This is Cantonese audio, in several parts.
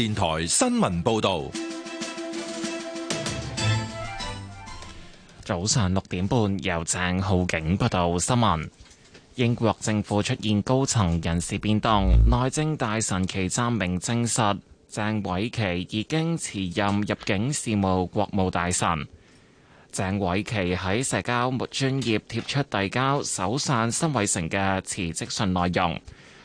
電台新聞報道，早上六點半由鄭浩景報道新聞。英國政府出現高層人事變動，內政大臣其暫明證實鄭偉琪已經辭任入境事務國務大臣。鄭偉琪喺社交末專頁貼出遞交首相施紀賢嘅辭職信內容。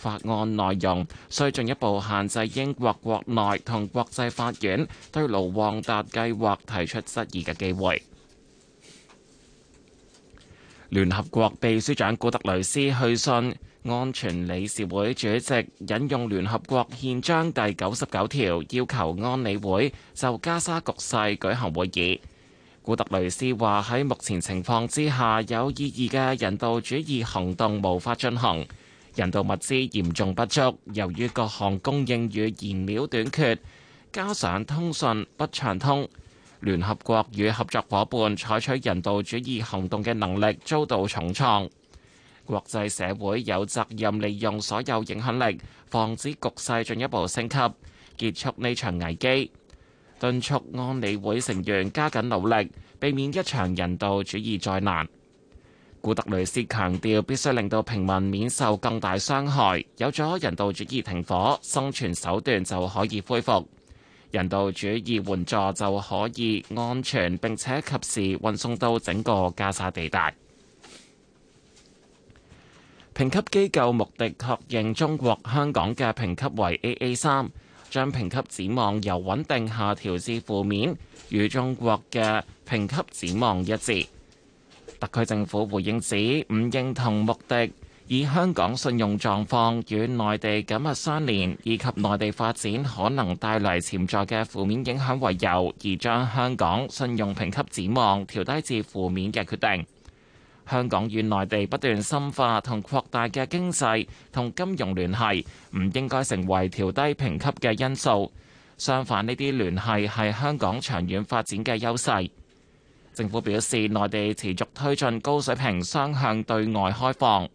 法案內容需進一步限制英國國內同國際法院對盧旺達計劃提出質疑嘅機會。聯合國秘書長古特雷斯去信安全理事會主席，引用聯合國憲章第九十九條，要求安理會就加沙局勢舉行會議。古特雷斯話，喺目前情況之下，有意義嘅人道主義行動無法進行。人道物資嚴重不足，由於各項供應與燃料短缺，加上通訊不暢通，聯合國與合作夥伴採取人道主義行動嘅能力遭到重創。國際社會有責任利用所有影響力，防止局勢進一步升級，結束呢場危機，敦促安理會成員加緊努力，避免一場人道主義災難。古特雷斯強調，必須令到平民免受更大傷害，有咗人道主義停火，生存手段就可以恢復，人道主義援助就可以安全並且及時運送到整個加沙地帶。評級機構穆迪確認中國香港嘅評級為 AA 三，將評級展望由穩定下調至負面，與中國嘅評級展望一致。特區政府回應指，唔認同穆迪，以香港信用狀況與內地緊密相連，以及內地發展可能帶嚟潛在嘅負面影響為由，而將香港信用評級展望調低至負面嘅決定。香港與內地不斷深化同擴大嘅經濟同金融聯繫，唔應該成為調低評級嘅因素。相反，呢啲聯繫係香港長遠發展嘅優勢。政府表示，內地持續推進高水平雙向對外開放，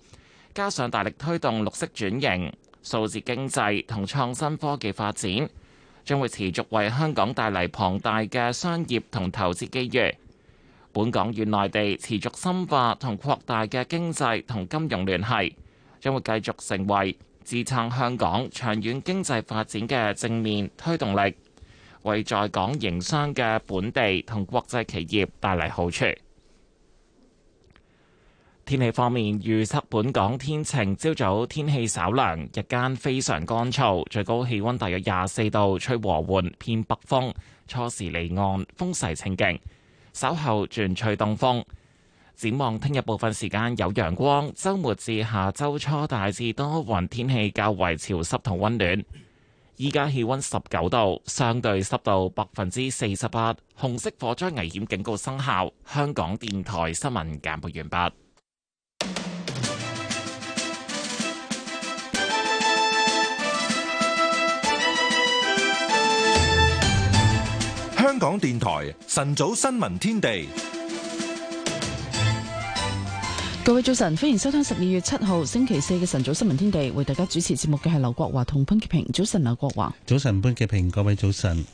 加上大力推動綠色轉型、數字經濟同創新科技發展，將會持續為香港帶嚟龐大嘅商業同投資機遇。本港與內地持續深化同擴大嘅經濟同金融聯繫，將會繼續成為支撐香港長遠經濟發展嘅正面推動力。為在港營商嘅本地同國際企業帶嚟好處。天氣方面，預測本港天晴，朝早天氣稍涼，日間非常乾燥，最高氣温大約廿四度，吹和緩偏北風，初時離岸風勢清勁，稍後轉吹東風。展望聽日部分時間有陽光，周末至下周初大致多雲，天氣較為潮濕同温暖。依家氣温十九度，相對濕度百分之四十八，紅色火災危險警告生效。香港電台新聞簡報完畢。香港電台晨早新聞天地。各位早晨，歡迎收聽十二月七號星期四嘅晨早新聞天地，為大家主持節目嘅係劉國華同潘潔平。早晨，劉國華。早晨，潘潔平。各位早晨。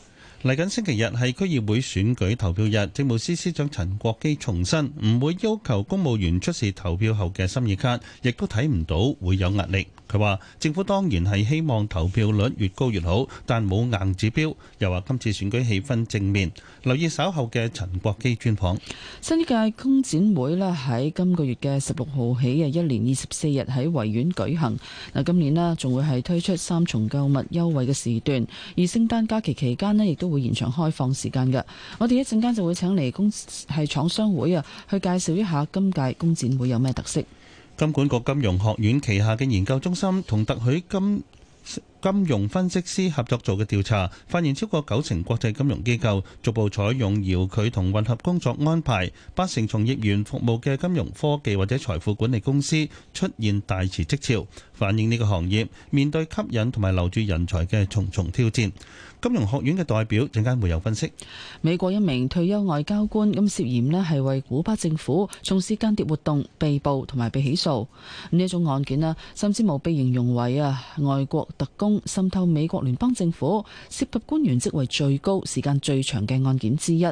嚟緊星期日係區議會選舉投票日，政務司司長陳國基重申，唔會要求公務員出示投票後嘅心意卡，亦都睇唔到會有壓力。佢話：政府當然係希望投票率越高越好，但冇硬指標。又話今次選舉氣氛正面。留意稍後嘅陳國基專訪。新一屆工展會咧喺今個月嘅十六號起啊，一連二十四日喺維園舉行。嗱，今年咧仲會係推出三重購物優惠嘅時段，而聖誕假期期間咧亦都會延長開放時間嘅。我哋一陣間就會請嚟工係廠商會啊，去介紹一下今屆工展會有咩特色。金管局金融學院旗下嘅研究中心同特許金金，金融分析師合作做嘅調查，發現超過九成國際金融機構逐步採用遙距同混合工作安排，八成從業員服務嘅金融科技或者財富管理公司出現大辭職潮，反映呢個行業面對吸引同埋留住人才嘅重重挑戰。金融學院嘅代表陣間會有分析。美國一名退休外交官咁，涉嫌呢係為古巴政府從事間諜活動，被捕同埋被起訴。呢一種案件呢，甚至冇被形容為啊外國特工滲透美國聯邦政府，涉及官員職位最高、時間最長嘅案件之一。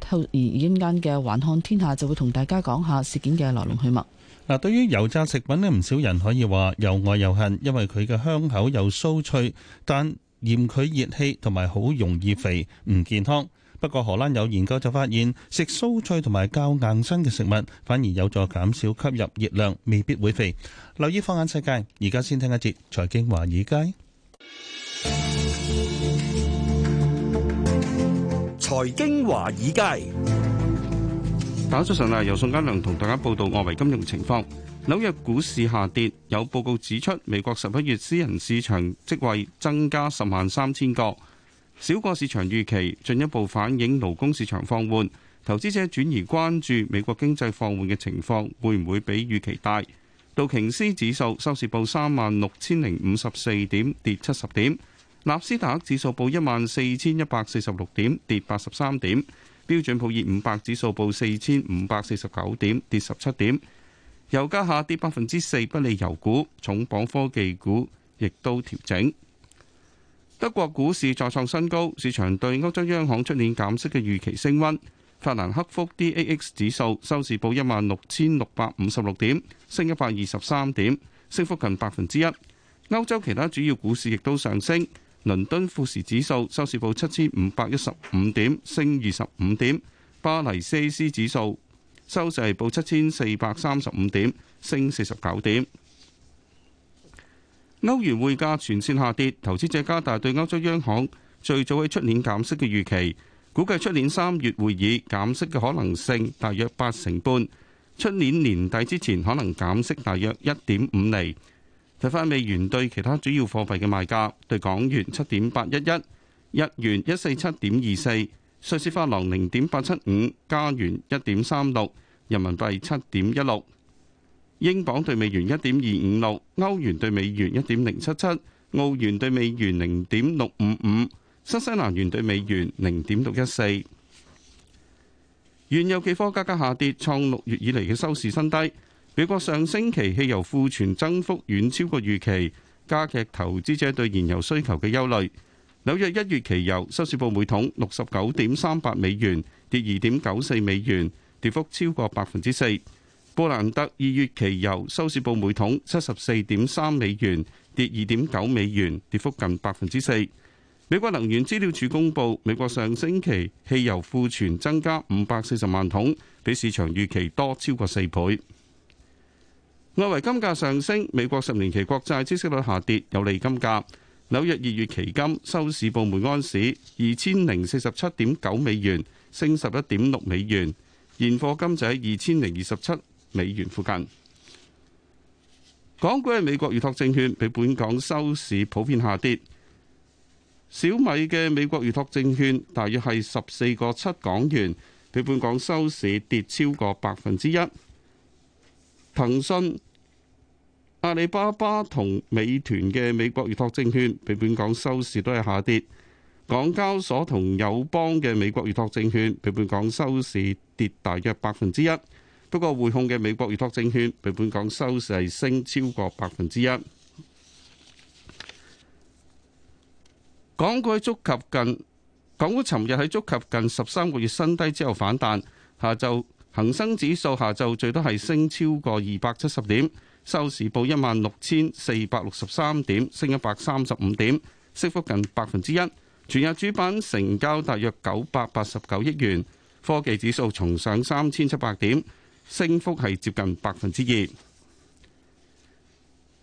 透過陣間嘅環看天下就會同大家講下事件嘅來龍去脈。嗱，對於油炸食品呢，唔少人可以話又愛又恨，因為佢嘅香口又酥脆，但嫌佢熱氣同埋好容易肥唔健康，不過荷蘭有研究就發現，食酥脆同埋較硬身嘅食物，反而有助減少吸入熱量，未必會肥。留意放眼世界，而家先聽一節財經華爾街。財經華爾街。打咗上嚟，由宋嘉良同大家報道外圍金融情況。紐約股市下跌，有報告指出，美國十一月私人市場職位增加十萬三千個，少過市場預期，進一步反映勞工市場放緩。投資者轉移關注美國經濟放緩嘅情況會唔會比預期大。道瓊斯指數收市報三萬六千零五十四點，跌七十點；納斯達克指數報一萬四千一百四十六點，跌八十三點。標準普爾五百指數報四千五百四十九點，跌十七點。油價下跌百分之四，不利油股。重磅科技股亦都調整。德國股市再創新高，市場對歐洲央行出年減息嘅預期升溫。法蘭克福 DAX 指數收市報一萬六千六百五十六點，升一百二十三點，升幅近百分之一。歐洲其他主要股市亦都上升。倫敦富時指數收市報七千五百一十五點，升二十五點；巴黎 CAC 指數收市係報七千四百三十五點，升四十九點。歐元匯價全線下跌，投資者加大對歐洲央行最早喺出年減息嘅預期，估計出年三月會議減息嘅可能性大約八成半，出年年底之前可能減息大約一點五厘。睇翻美元對其他主要貨幣嘅賣價，對港元七點八一一，日元一四七點二四，瑞士法郎零點八七五，加元一點三六，人民幣七點一六，英鎊對美元一點二五六，歐元對美元一點零七七，澳元對美元零點六五五，新西蘭元對美元零點六一四。原油期貨價格下跌，創六月以嚟嘅收市新低。美國上星期汽油庫存增幅遠超過預期，加劇投資者對燃油需求嘅憂慮。紐約一月期油收市報每桶六十九點三八美元，跌二點九四美元，跌幅超過百分之四。布蘭特二月期油收市報每桶七十四點三美元，跌二點九美元，跌幅近百分之四。美國能源資料處公布，美國上星期汽油庫存增加五百四十萬桶，比市場預期多超過四倍。外圍金價上升，美國十年期國債孳息率下跌，有利金價。紐約二月期金收市報每安市二千零四十七點九美元，升十一點六美元。現貨金就喺二千零二十七美元附近。港股嘅美國預託證券，比本港收市普遍下跌。小米嘅美國預託證券大約係十四個七港元，比本港收市跌超過百分之一。騰訊、阿里巴巴同美團嘅美國預託證券，比本港收市都係下跌。港交所同友邦嘅美國預託證券，比本港收市跌大約百分之一。不過匯控嘅美國預託證券，比本港收市係升超過百分之一。港股喺觸及近，港股尋日喺觸及近十三個月新低之後反彈，下晝。恒生指數下晝最多係升超過二百七十點，收市報一萬六千四百六十三點，升一百三十五點，升幅近百分之一。全日主板成交大約九百八十九億元。科技指數重上三千七百點，升幅係接近百分之二。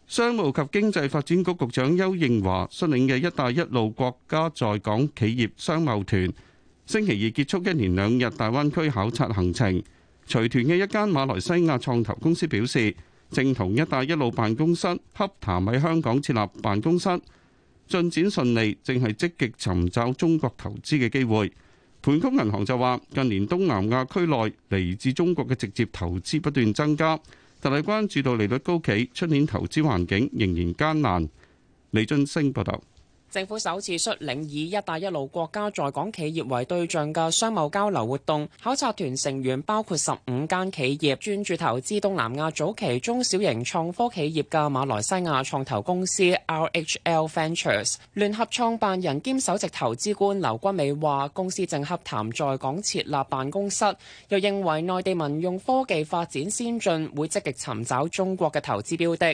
商務及經濟發展局局長邱應華率領嘅“一帶一路”國家在港企業商貿團，星期二結束一連兩日大灣區考察行程。隨團嘅一間馬來西亞創投公司表示，正同“一帶一路”辦公室洽談喺香港設立辦公室，進展順利，正係積極尋找中國投資嘅機會。盤谷銀行就話，近年東南亞區內嚟自中國嘅直接投資不斷增加，但係關注到利率高企，出年投資環境仍然艱難。李津升報道。政府首次率領以「一帶一路」國家在港企業為對象嘅商貿交流活動，考察團成員包括十五間企業，專注投資東南亞早期中小型創科企業嘅馬來西亞創投公司 RHL Ventures 聯合創辦人兼首席投資官劉君美話：公司正洽談在港設立辦公室，又認為內地民用科技發展先進，會積極尋找中國嘅投資標的。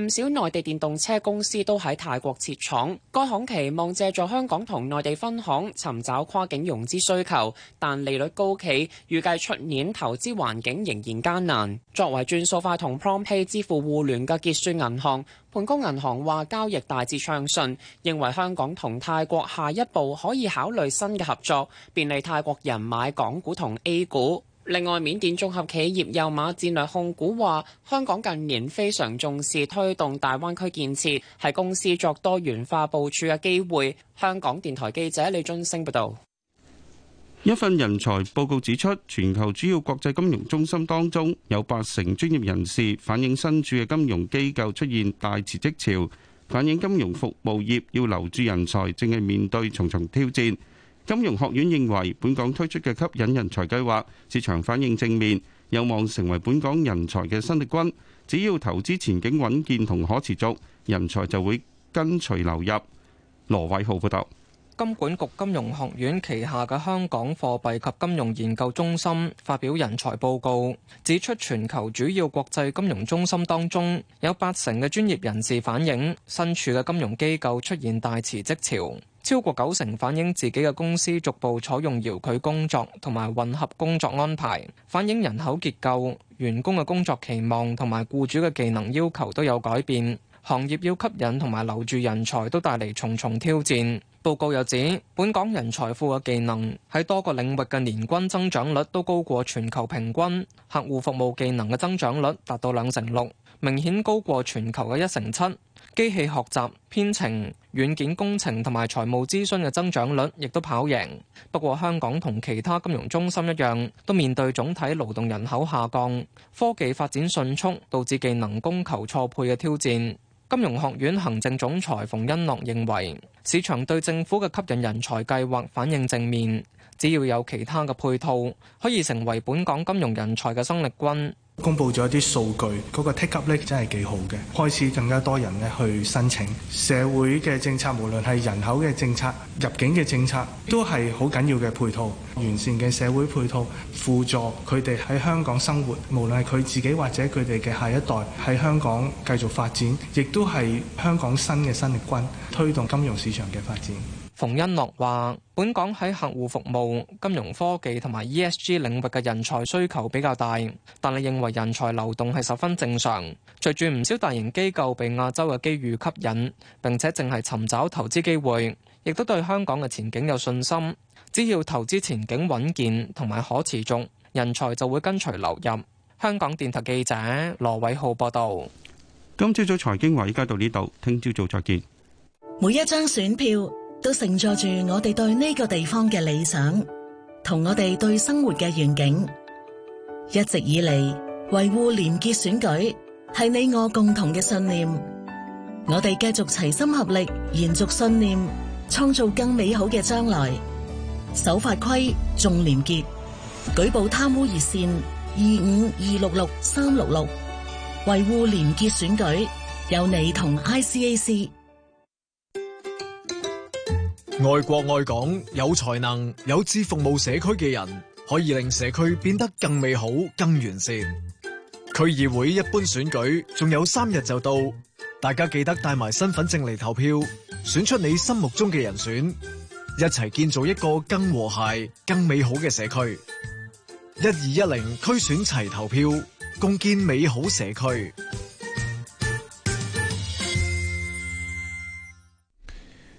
唔少內地電動車公司都喺泰國設廠，該行期望借助香港同內地分行尋找跨境融資需求，但利率高企，預計出年投資環境仍然艱難。作為轉數快同 PromptPay 支付互聯嘅結算銀行，盤古銀行話交易大致暢順，認為香港同泰國下一步可以考慮新嘅合作，便利泰國人買港股同 A 股。另外，緬甸綜合企業佑馬戰略控股話，香港近年非常重視推動大灣區建設，係公司作多元化部署嘅機會。香港電台記者李俊升報導。一份人才報告指出，全球主要國際金融中心當中有八成專業人士反映，身處嘅金融機構出現大辭職潮，反映金融服務業要留住人才正係面對重重挑戰。金融學院認為本港推出嘅吸引人才計劃，市場反應正面，有望成為本港人才嘅新力軍，只要投資前景穩健同可持續人才就會跟隨流入。羅偉浩報道。金管局金融學院旗下嘅香港貨幣及金融研究中心發表人才報告，指出全球主要國際金融中心當中有八成嘅專業人士反映，身處嘅金融機構出現大辭職潮。超過九成反映自己嘅公司逐步採用遙距工作同埋混合工作安排，反映人口結構、員工嘅工作期望同埋僱主嘅技能要求都有改變。行業要吸引同埋留住人才都帶嚟重重挑戰。報告又指，本港人才庫嘅技能喺多個領域嘅年均增長率都高過全球平均，客戶服務技能嘅增長率達到兩成六，明顯高過全球嘅一成七。機器學習、編程、軟件工程同埋財務諮詢嘅增長率亦都跑贏。不過，香港同其他金融中心一樣，都面對總體勞動人口下降、科技發展迅速導致技能供求錯配嘅挑戰。金融學院行政總裁馮恩諾認為，市場對政府嘅吸引人才計劃反應正面，只要有其他嘅配套，可以成為本港金融人才嘅生力軍。公布咗一啲數據，嗰個 take up 咧真係幾好嘅，開始更加多人咧去申請社會嘅政策，無論係人口嘅政策、入境嘅政策，都係好緊要嘅配套，完善嘅社會配套，輔助佢哋喺香港生活，無論係佢自己或者佢哋嘅下一代喺香港繼續發展，亦都係香港新嘅生力軍，推動金融市場嘅發展。馮恩諾話：，本港喺客戶服務、金融科技同埋 ESG 領域嘅人才需求比較大，但係認為人才流動係十分正常。隨住唔少大型機構被亞洲嘅機遇吸引，並且淨係尋找投資機會，亦都對香港嘅前景有信心。只要投資前景穩健同埋可持續，人才就會跟隨流入。香港電台記者羅偉浩報道。今朝早財經話依家到呢度，聽朝早再見。每一張選票。都承載住我哋對呢個地方嘅理想，同我哋對生活嘅願景。一直以嚟，維護廉潔選舉係你我共同嘅信念。我哋繼續齊心合力，延續信念，創造更美好嘅將來。守法規，重廉潔，舉報貪污熱線二五二六六三六六，維護廉潔選舉，有你同 ICAC。愛國愛港，有才能、有志服務社區嘅人，可以令社區變得更美好、更完善。區議會一般選舉仲有三日就到，大家記得帶埋身份證嚟投票，選出你心目中嘅人選，一齊建造一個更和諧、更美好嘅社區。一二一零區選齊投票，共建美好社區。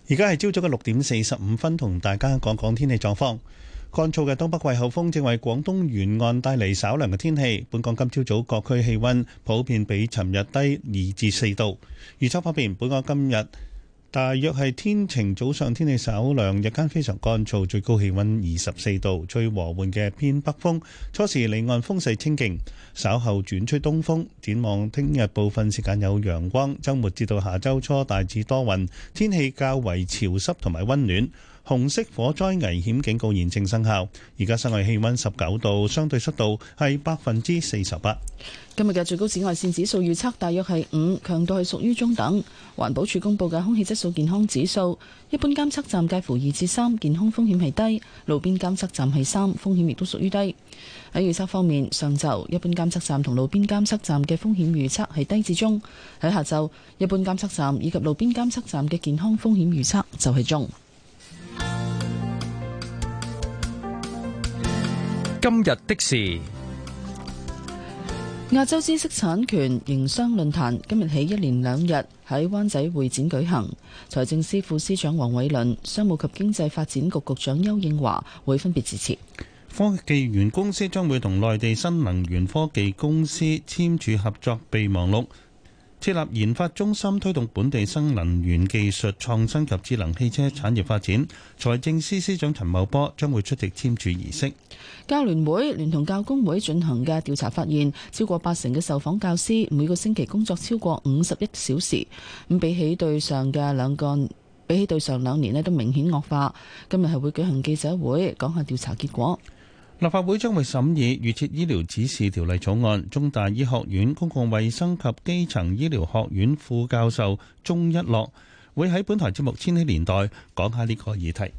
而家係朝早嘅六點四十五分，同大家講講天氣狀況。乾燥嘅東北季候風正為廣東沿岸帶嚟稍涼嘅天氣。本港今朝早各區氣溫普遍比尋日低二至四度。預測方面，本港今日大約係天晴，早上天氣稍涼，日間非常乾燥，最高氣溫二十四度，最和緩嘅偏北風，初時離岸風勢清勁，稍後轉吹東風，展望聽日部分時間有陽光，周末至到下周初大致多雲，天氣較為潮濕同埋溫暖。紅色火災危險警告現正生效。而家室外氣溫十九度，相對濕度係百分之四十八。今日嘅最高紫外線指數預測大約係五，強度係屬於中等。環保署公布嘅空氣質素健康指數，一般監測站介乎二至三，健康風險係低；路邊監測站係三，風險亦都屬於低。喺預測方面，上晝一般監測站同路邊監測站嘅風險預測係低至中；喺下晝一般監測站以及路邊監測站嘅健康風險預測就係中。今日的事，亞洲知識產權營商論壇今日起一連兩日喺灣仔會展舉行。財政司副司長黃偉綸、商務及經濟發展局局長邱應華會分別致辭。科技園公司將會同內地新能源科技公司簽署合作備忘錄。設立研發中心，推動本地新能源技術創新及智能汽車產業發展。財政司司長陳茂波將會出席簽署儀式。教聯會聯同教工會進行嘅調查發現，超過八成嘅受訪教師每個星期工作超過五十一小時。咁比起對上嘅兩個比起對上兩年呢，都明顯惡化。今日係會舉行記者會，講下調查結果。立法會將會審議預設醫療指示條例草案。中大醫學院公共衛生及基層醫療學院副教授鍾一樂會喺本台節目《千禧年代》講下呢個議題。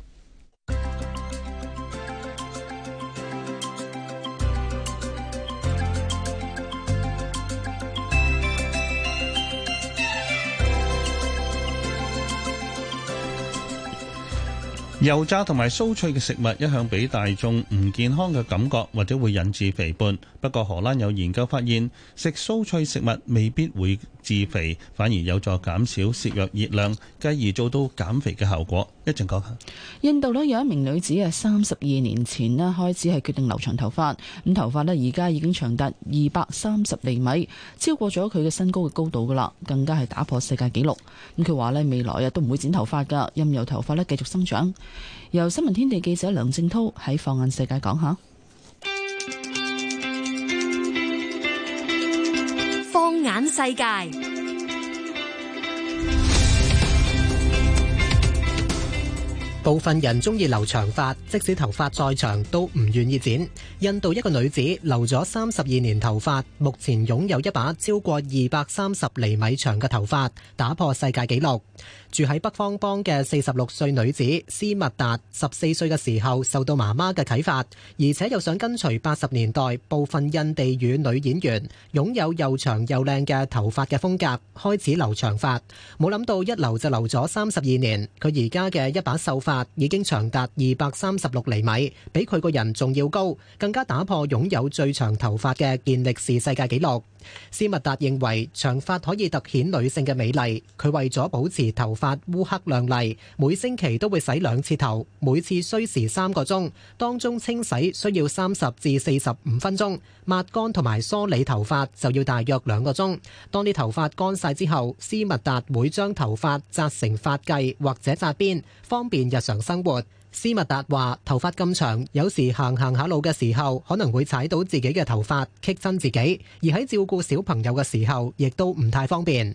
油炸同埋酥脆嘅食物一向俾大眾唔健康嘅感覺，或者會引致肥胖。不過荷蘭有研究發現，食酥脆食物未必會致肥，反而有助減少攝入熱量，繼而做到減肥嘅效果。一陣講下。印度呢有一名女子係三十二年前咧開始係決定留長頭髮，咁頭髮呢而家已經長達二百三十厘米，超過咗佢嘅身高嘅高度㗎啦，更加係打破世界紀錄。咁佢話呢未來啊都唔會剪頭髮㗎，任由頭髮呢繼續生長。由新聞天地記者梁正濤喺放眼世界講下。放眼世界，世界部分人中意留長髮，即使頭髮再長都唔願意剪。印度一個女子留咗三十二年頭髮，目前擁有一把超過二百三十厘米長嘅頭髮，打破世界紀錄。住喺北方邦嘅四十六歲女子斯密達，十四歲嘅時候受到媽媽嘅啟發，而且又想跟隨八十年代部分印地語女演員擁有又長又靚嘅頭髮嘅風格，開始留長髮。冇諗到一留就留咗三十二年，佢而家嘅一把秀髮已經長達二百三十六厘米，比佢個人仲要高，更加打破擁有最長頭髮嘅健力士世界紀錄。斯密達認為長髮可以突顯女性嘅美麗。佢為咗保持頭髮烏黑亮麗，每星期都會洗兩次頭，每次需時三個鐘，當中清洗需要三十至四十五分鐘，抹乾同埋梳理頭髮就要大約兩個鐘。當啲頭髮乾晒之後，斯密達會將頭髮紮成髮髻或者紮邊，方便日常生活。斯密達話：頭髮咁長，有時行行下路嘅時候，可能會踩到自己嘅頭髮，棘親自己；而喺照顧小朋友嘅時候，亦都唔太方便。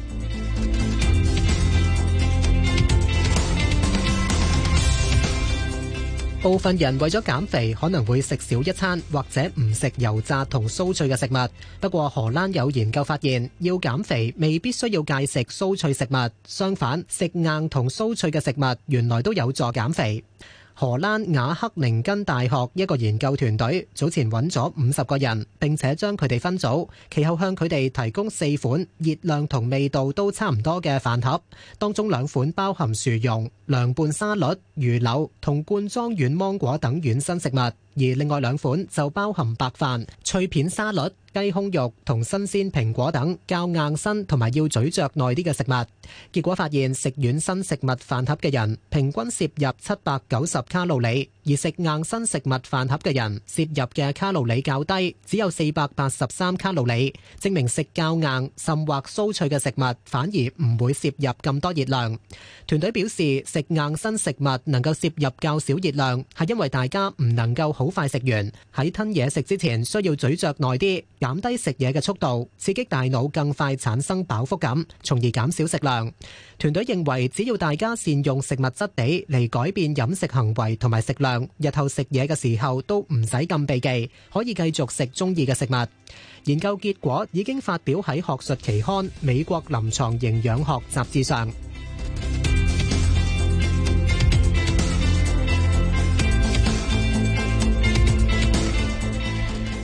部分人為咗減肥，可能會食少一餐或者唔食油炸同酥脆嘅食物。不過荷蘭有研究發現，要減肥未必需要戒食酥脆食物，相反，食硬同酥脆嘅食物原來都有助減肥。荷蘭雅克寧根大學一個研究團隊早前揾咗五十個人，並且將佢哋分組，其後向佢哋提供四款熱量同味道都差唔多嘅飯盒，當中兩款包含薯蓉、涼拌沙律、魚柳同罐裝軟芒果等軟身食物。而另外兩款就包含白飯、脆片、沙律、雞胸肉同新鮮蘋果等較硬身同埋要咀嚼耐啲嘅食物。結果發現食軟身食物飯盒嘅人，平均攝入七百九十卡路里。而食硬身食物飯盒嘅人，攝入嘅卡路里較低，只有四百八十三卡路里，證明食較硬、甚或酥脆嘅食物，反而唔會攝入咁多熱量。團隊表示，食硬身食物能夠攝入較少熱量，係因為大家唔能夠好快食完，喺吞嘢食之前需要咀嚼耐啲，減低食嘢嘅速度，刺激大腦更快產生飽腹感，從而減少食量。團隊認為，只要大家善用食物質地嚟改變飲食行為同埋食量。日後食嘢嘅時候都唔使咁避忌，可以繼續食中意嘅食物。研究結果已經發表喺學術期刊《美國臨床營養學雜誌》上。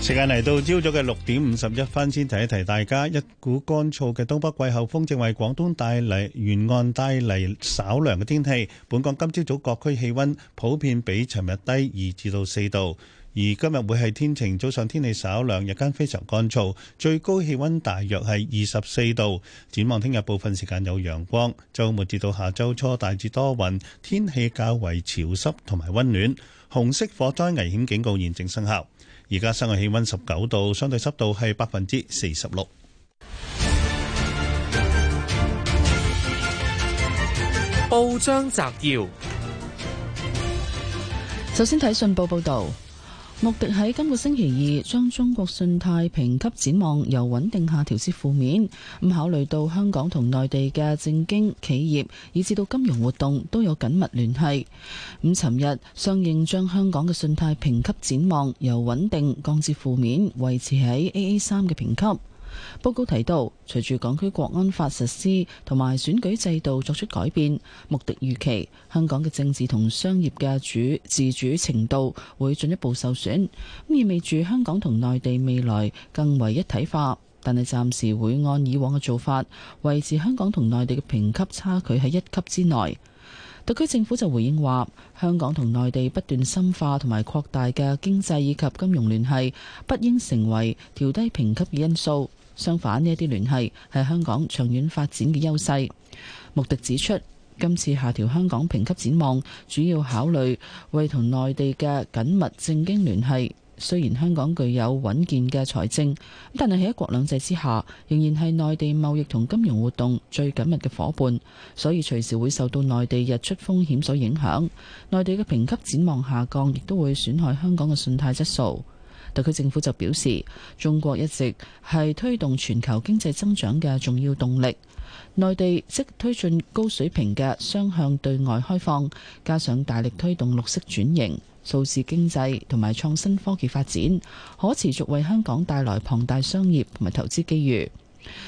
時間嚟到朝早嘅六點五十一分，先提一提大家。一股乾燥嘅東北季候風正為廣東帶嚟沿岸帶嚟稍涼嘅天氣。本港今朝早各區氣温普遍比尋日低二至到四度，而今日會係天晴，早上天氣稍涼，日間非常乾燥，最高氣温大約係二十四度。展望聽日部分時間有陽光，週末至到下周初大致多雲，天氣較為潮濕同埋温暖。紅色火災危險警告現正生效。而家室外氣溫十九度，相對濕度係百分之四十六。報章摘要，首先睇信報報道。穆迪喺今個星期二將中國信貸評級展望由穩定下調至負面，咁考慮到香港同內地嘅政經企業，以至到金融活動都有緊密聯繫，咁尋日相應將香港嘅信貸評級展望由穩定降至負面，維持喺 AA 三嘅評級。報告提到，隨住港區國安法實施同埋選舉制度作出改變，穆迪預期香港嘅政治同商業嘅主自主程度會進一步受損，意味住香港同內地未來更為一體化。但係暫時會按以往嘅做法，維持香港同內地嘅評級差距喺一級之內。特區政府就回應話，香港同內地不斷深化同埋擴大嘅經濟以及金融聯繫，不應成為調低評級嘅因素。相反，呢一啲聯繫係香港長遠發展嘅優勢。穆迪指出，今次下調香港評級展望，主要考慮為同內地嘅緊密政經聯繫。雖然香港具有穩健嘅財政，但係喺一國兩制之下，仍然係內地貿易同金融活動最緊密嘅夥伴，所以隨時會受到內地溢出風險所影響。內地嘅評級展望下降，亦都會損害香港嘅信貸質素。特區政府就表示，中國一直係推動全球經濟增長嘅重要動力。內地即推進高水平嘅雙向對外開放，加上大力推動綠色轉型。數字經濟同埋創新科技發展，可持續為香港帶來龐大商業同埋投資機遇。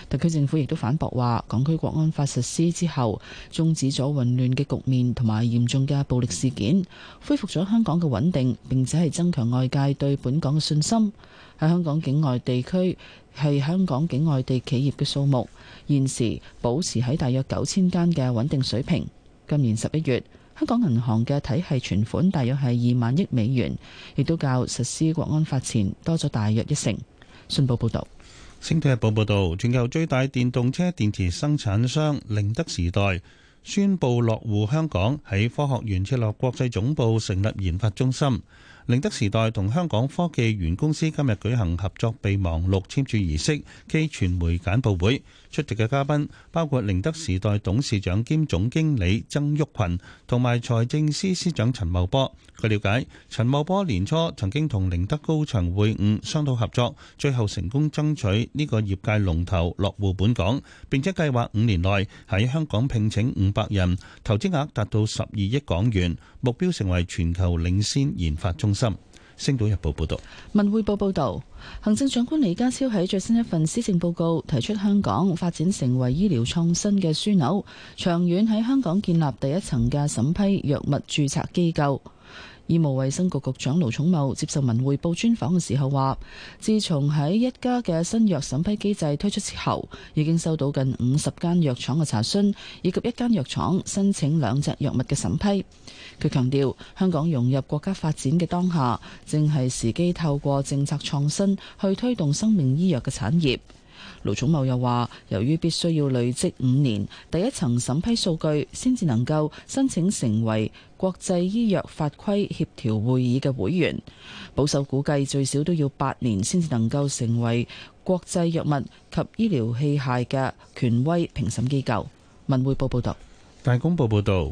特區政府亦都反駁話，港區國安法實施之後，終止咗混亂嘅局面同埋嚴重嘅暴力事件，恢復咗香港嘅穩定，並且係增強外界對本港嘅信心。喺香港境外地區，係香港境外地企業嘅數目，現時保持喺大約九千間嘅穩定水平。今年十一月。香港銀行嘅體系存款大約係二萬億美元，亦都較實施國安法前多咗大約一成。信報報導，《星島日報》報導，全球最大電動車電池生產商寧德時代宣布落戶香港，喺科學園設立國際總部，成立研發中心。寧德時代同香港科技園公司今日舉行合作備忘錄簽署儀式暨傳媒簡報會。出席嘅嘉賓包括寧德時代董事長兼總經理曾毓羣同埋財政司司長陳茂波。據了解，陳茂波年初曾經同寧德高層會晤，商討合作，最後成功爭取呢個業界龍頭落戶本港。並且計劃五年內喺香港聘請五百人，投資額達到十二億港元，目標成為全球領先研發中心。星島日報報道，文匯報報道，行政長官李家超喺最新一份施政報告提出，香港發展成為醫療創新嘅樞紐，長遠喺香港建立第一層嘅審批藥物註冊機構。醫務衛生局局長盧寵茂接受文匯報專訪嘅時候話，自從喺一家嘅新藥審批機制推出之後，已經收到近五十間藥廠嘅查詢，以及一間藥廠申請兩隻藥物嘅審批。佢強調，香港融入國家發展嘅當下，正係時機透過政策創新去推動生命醫藥嘅產業。盧寵茂又話，由於必須要累積五年第一層審批數據，先至能夠申請成為國際醫藥法規協調會議嘅會員，保守估計最少都要八年先至能夠成為國際藥物及醫療器械嘅權威評審機構。文匯報報道，大公報報道。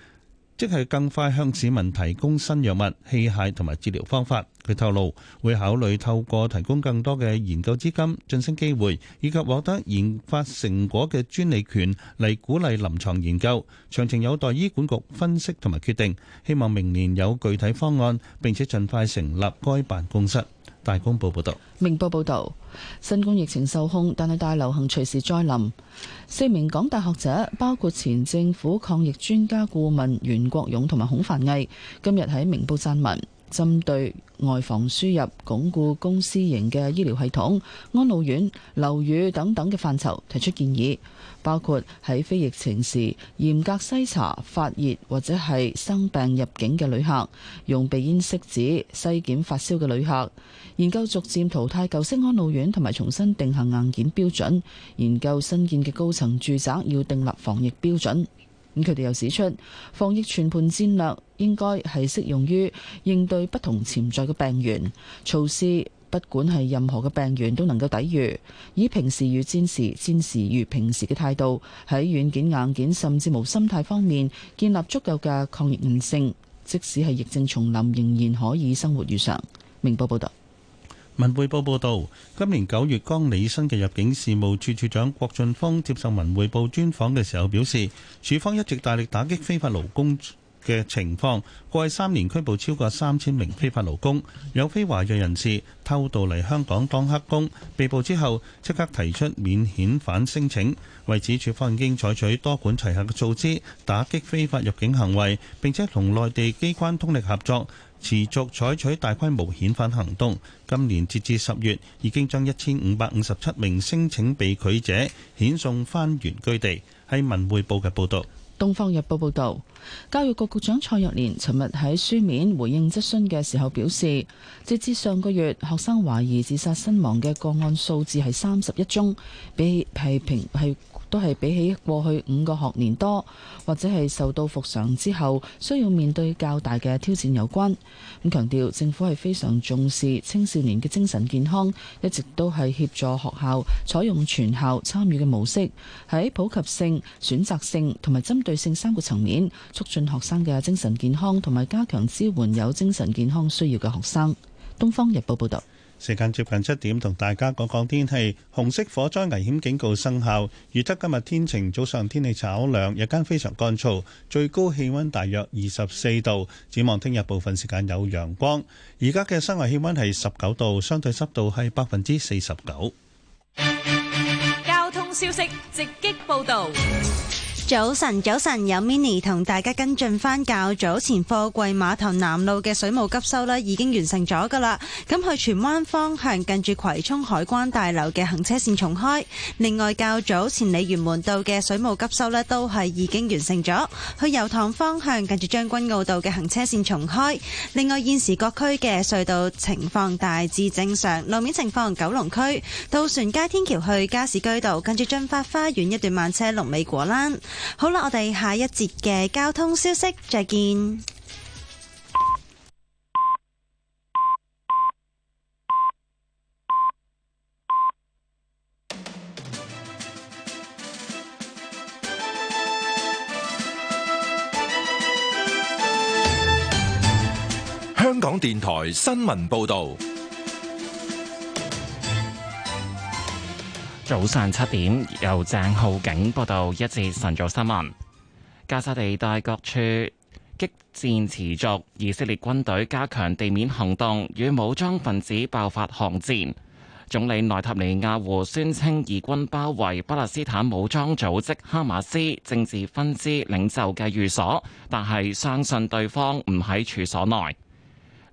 即係更快向市民提供新藥物、器械同埋治療方法。佢透露會考慮透過提供更多嘅研究資金、晉升機會以及獲得研發成果嘅專利權嚟鼓勵臨床研究。詳情有待醫管局分析同埋決定。希望明年有具體方案，並且盡快成立該辦公室。大公報報道，明報報道，新冠疫情受控，但係大流行隨時災臨。四名港大學者，包括前政府抗疫專家顧問袁國勇同埋孔繁毅，今日喺《明報》撰文，針對外防輸入、鞏固公私營嘅醫療系統、安老院、樓宇等等嘅範疇提出建議。包括喺非疫情時嚴格篩查發熱或者係生病入境嘅旅客，用鼻咽拭子篩檢發燒嘅旅客，研究逐漸淘汰舊式安老院同埋重新定下硬件標準，研究新建嘅高層住宅要訂立防疫標準，咁佢哋又指出，防疫全盤戰略應該係適用於應對不同潛在嘅病源措施。不管係任何嘅病原都能夠抵禦，以平時與戰時、戰時與平時嘅態度，喺軟件、硬件甚至無心態方面建立足夠嘅抗疫韌性，即使係疫症重臨，仍然可以生活如常。明報報道：「文匯報報道，今年九月剛離任嘅入境事務處處長郭俊峰接受文匯報專訪嘅時候表示，處方一直大力打擊非法勞工。嘅情況，過去三年拘捕超過三千名非法勞工，有非華裔人士偷渡嚟香港當黑工，被捕之後即刻提出免遣返申請。為此，處方已經採取多管齊下嘅措施，打擊非法入境行為，並且同內地機關通力合作，持續採取大規模遣返行動。今年截至十月，已經將一千五百五十七名申請被拒者遣送翻原居地。係文匯報嘅報導。《東方日報》報道，教育局局長蔡若蓮尋日喺書面回應質詢嘅時候表示，截至上個月，學生懷疑自殺身亡嘅個案數字係三十一宗，被批評係。都係比起過去五個學年多，或者係受到復常之後需要面對較大嘅挑戰有關。咁強調政府係非常重視青少年嘅精神健康，一直都係協助學校採用全校參與嘅模式，喺普及性、選擇性同埋針對性三個層面促進學生嘅精神健康，同埋加強支援有精神健康需要嘅學生。《東方日報》報道。時間接近七點，同大家講講天氣。紅色火災危險警告生效。預測今日天晴，早上天氣稍涼，日間非常乾燥，最高氣温大約二十四度。展望聽日部分時間有陽光。而家嘅室外氣温係十九度，相對濕度係百分之四十九。交通消息直擊報道。早晨，早晨，有 Mini 同大家跟進翻。較早前貨櫃碼頭南路嘅水務急修咧，已經完成咗噶啦。咁去荃灣方向近住葵涌海關大樓嘅行車線重開。另外，較早前鯉魚門道嘅水務急修咧，都係已經完成咗。去油塘方向近住將軍澳道嘅行車線重開。另外，現時各區嘅隧道情況大致正常，路面情況。九龍區渡船街天橋去加士居道近住駿發花園一段慢車龍尾果欄。好啦，我哋下一節嘅交通消息，再見。香港電台新聞報道。早上七點，由鄭浩景報道一節晨早新聞。加沙地帶各處激戰持續，以色列軍隊加強地面行動，與武裝分子爆發巷戰。總理內塔尼亞胡宣稱，以軍包圍巴勒斯坦武裝組織哈馬斯政治分支領袖嘅寓所，但係相信對方唔喺處所內。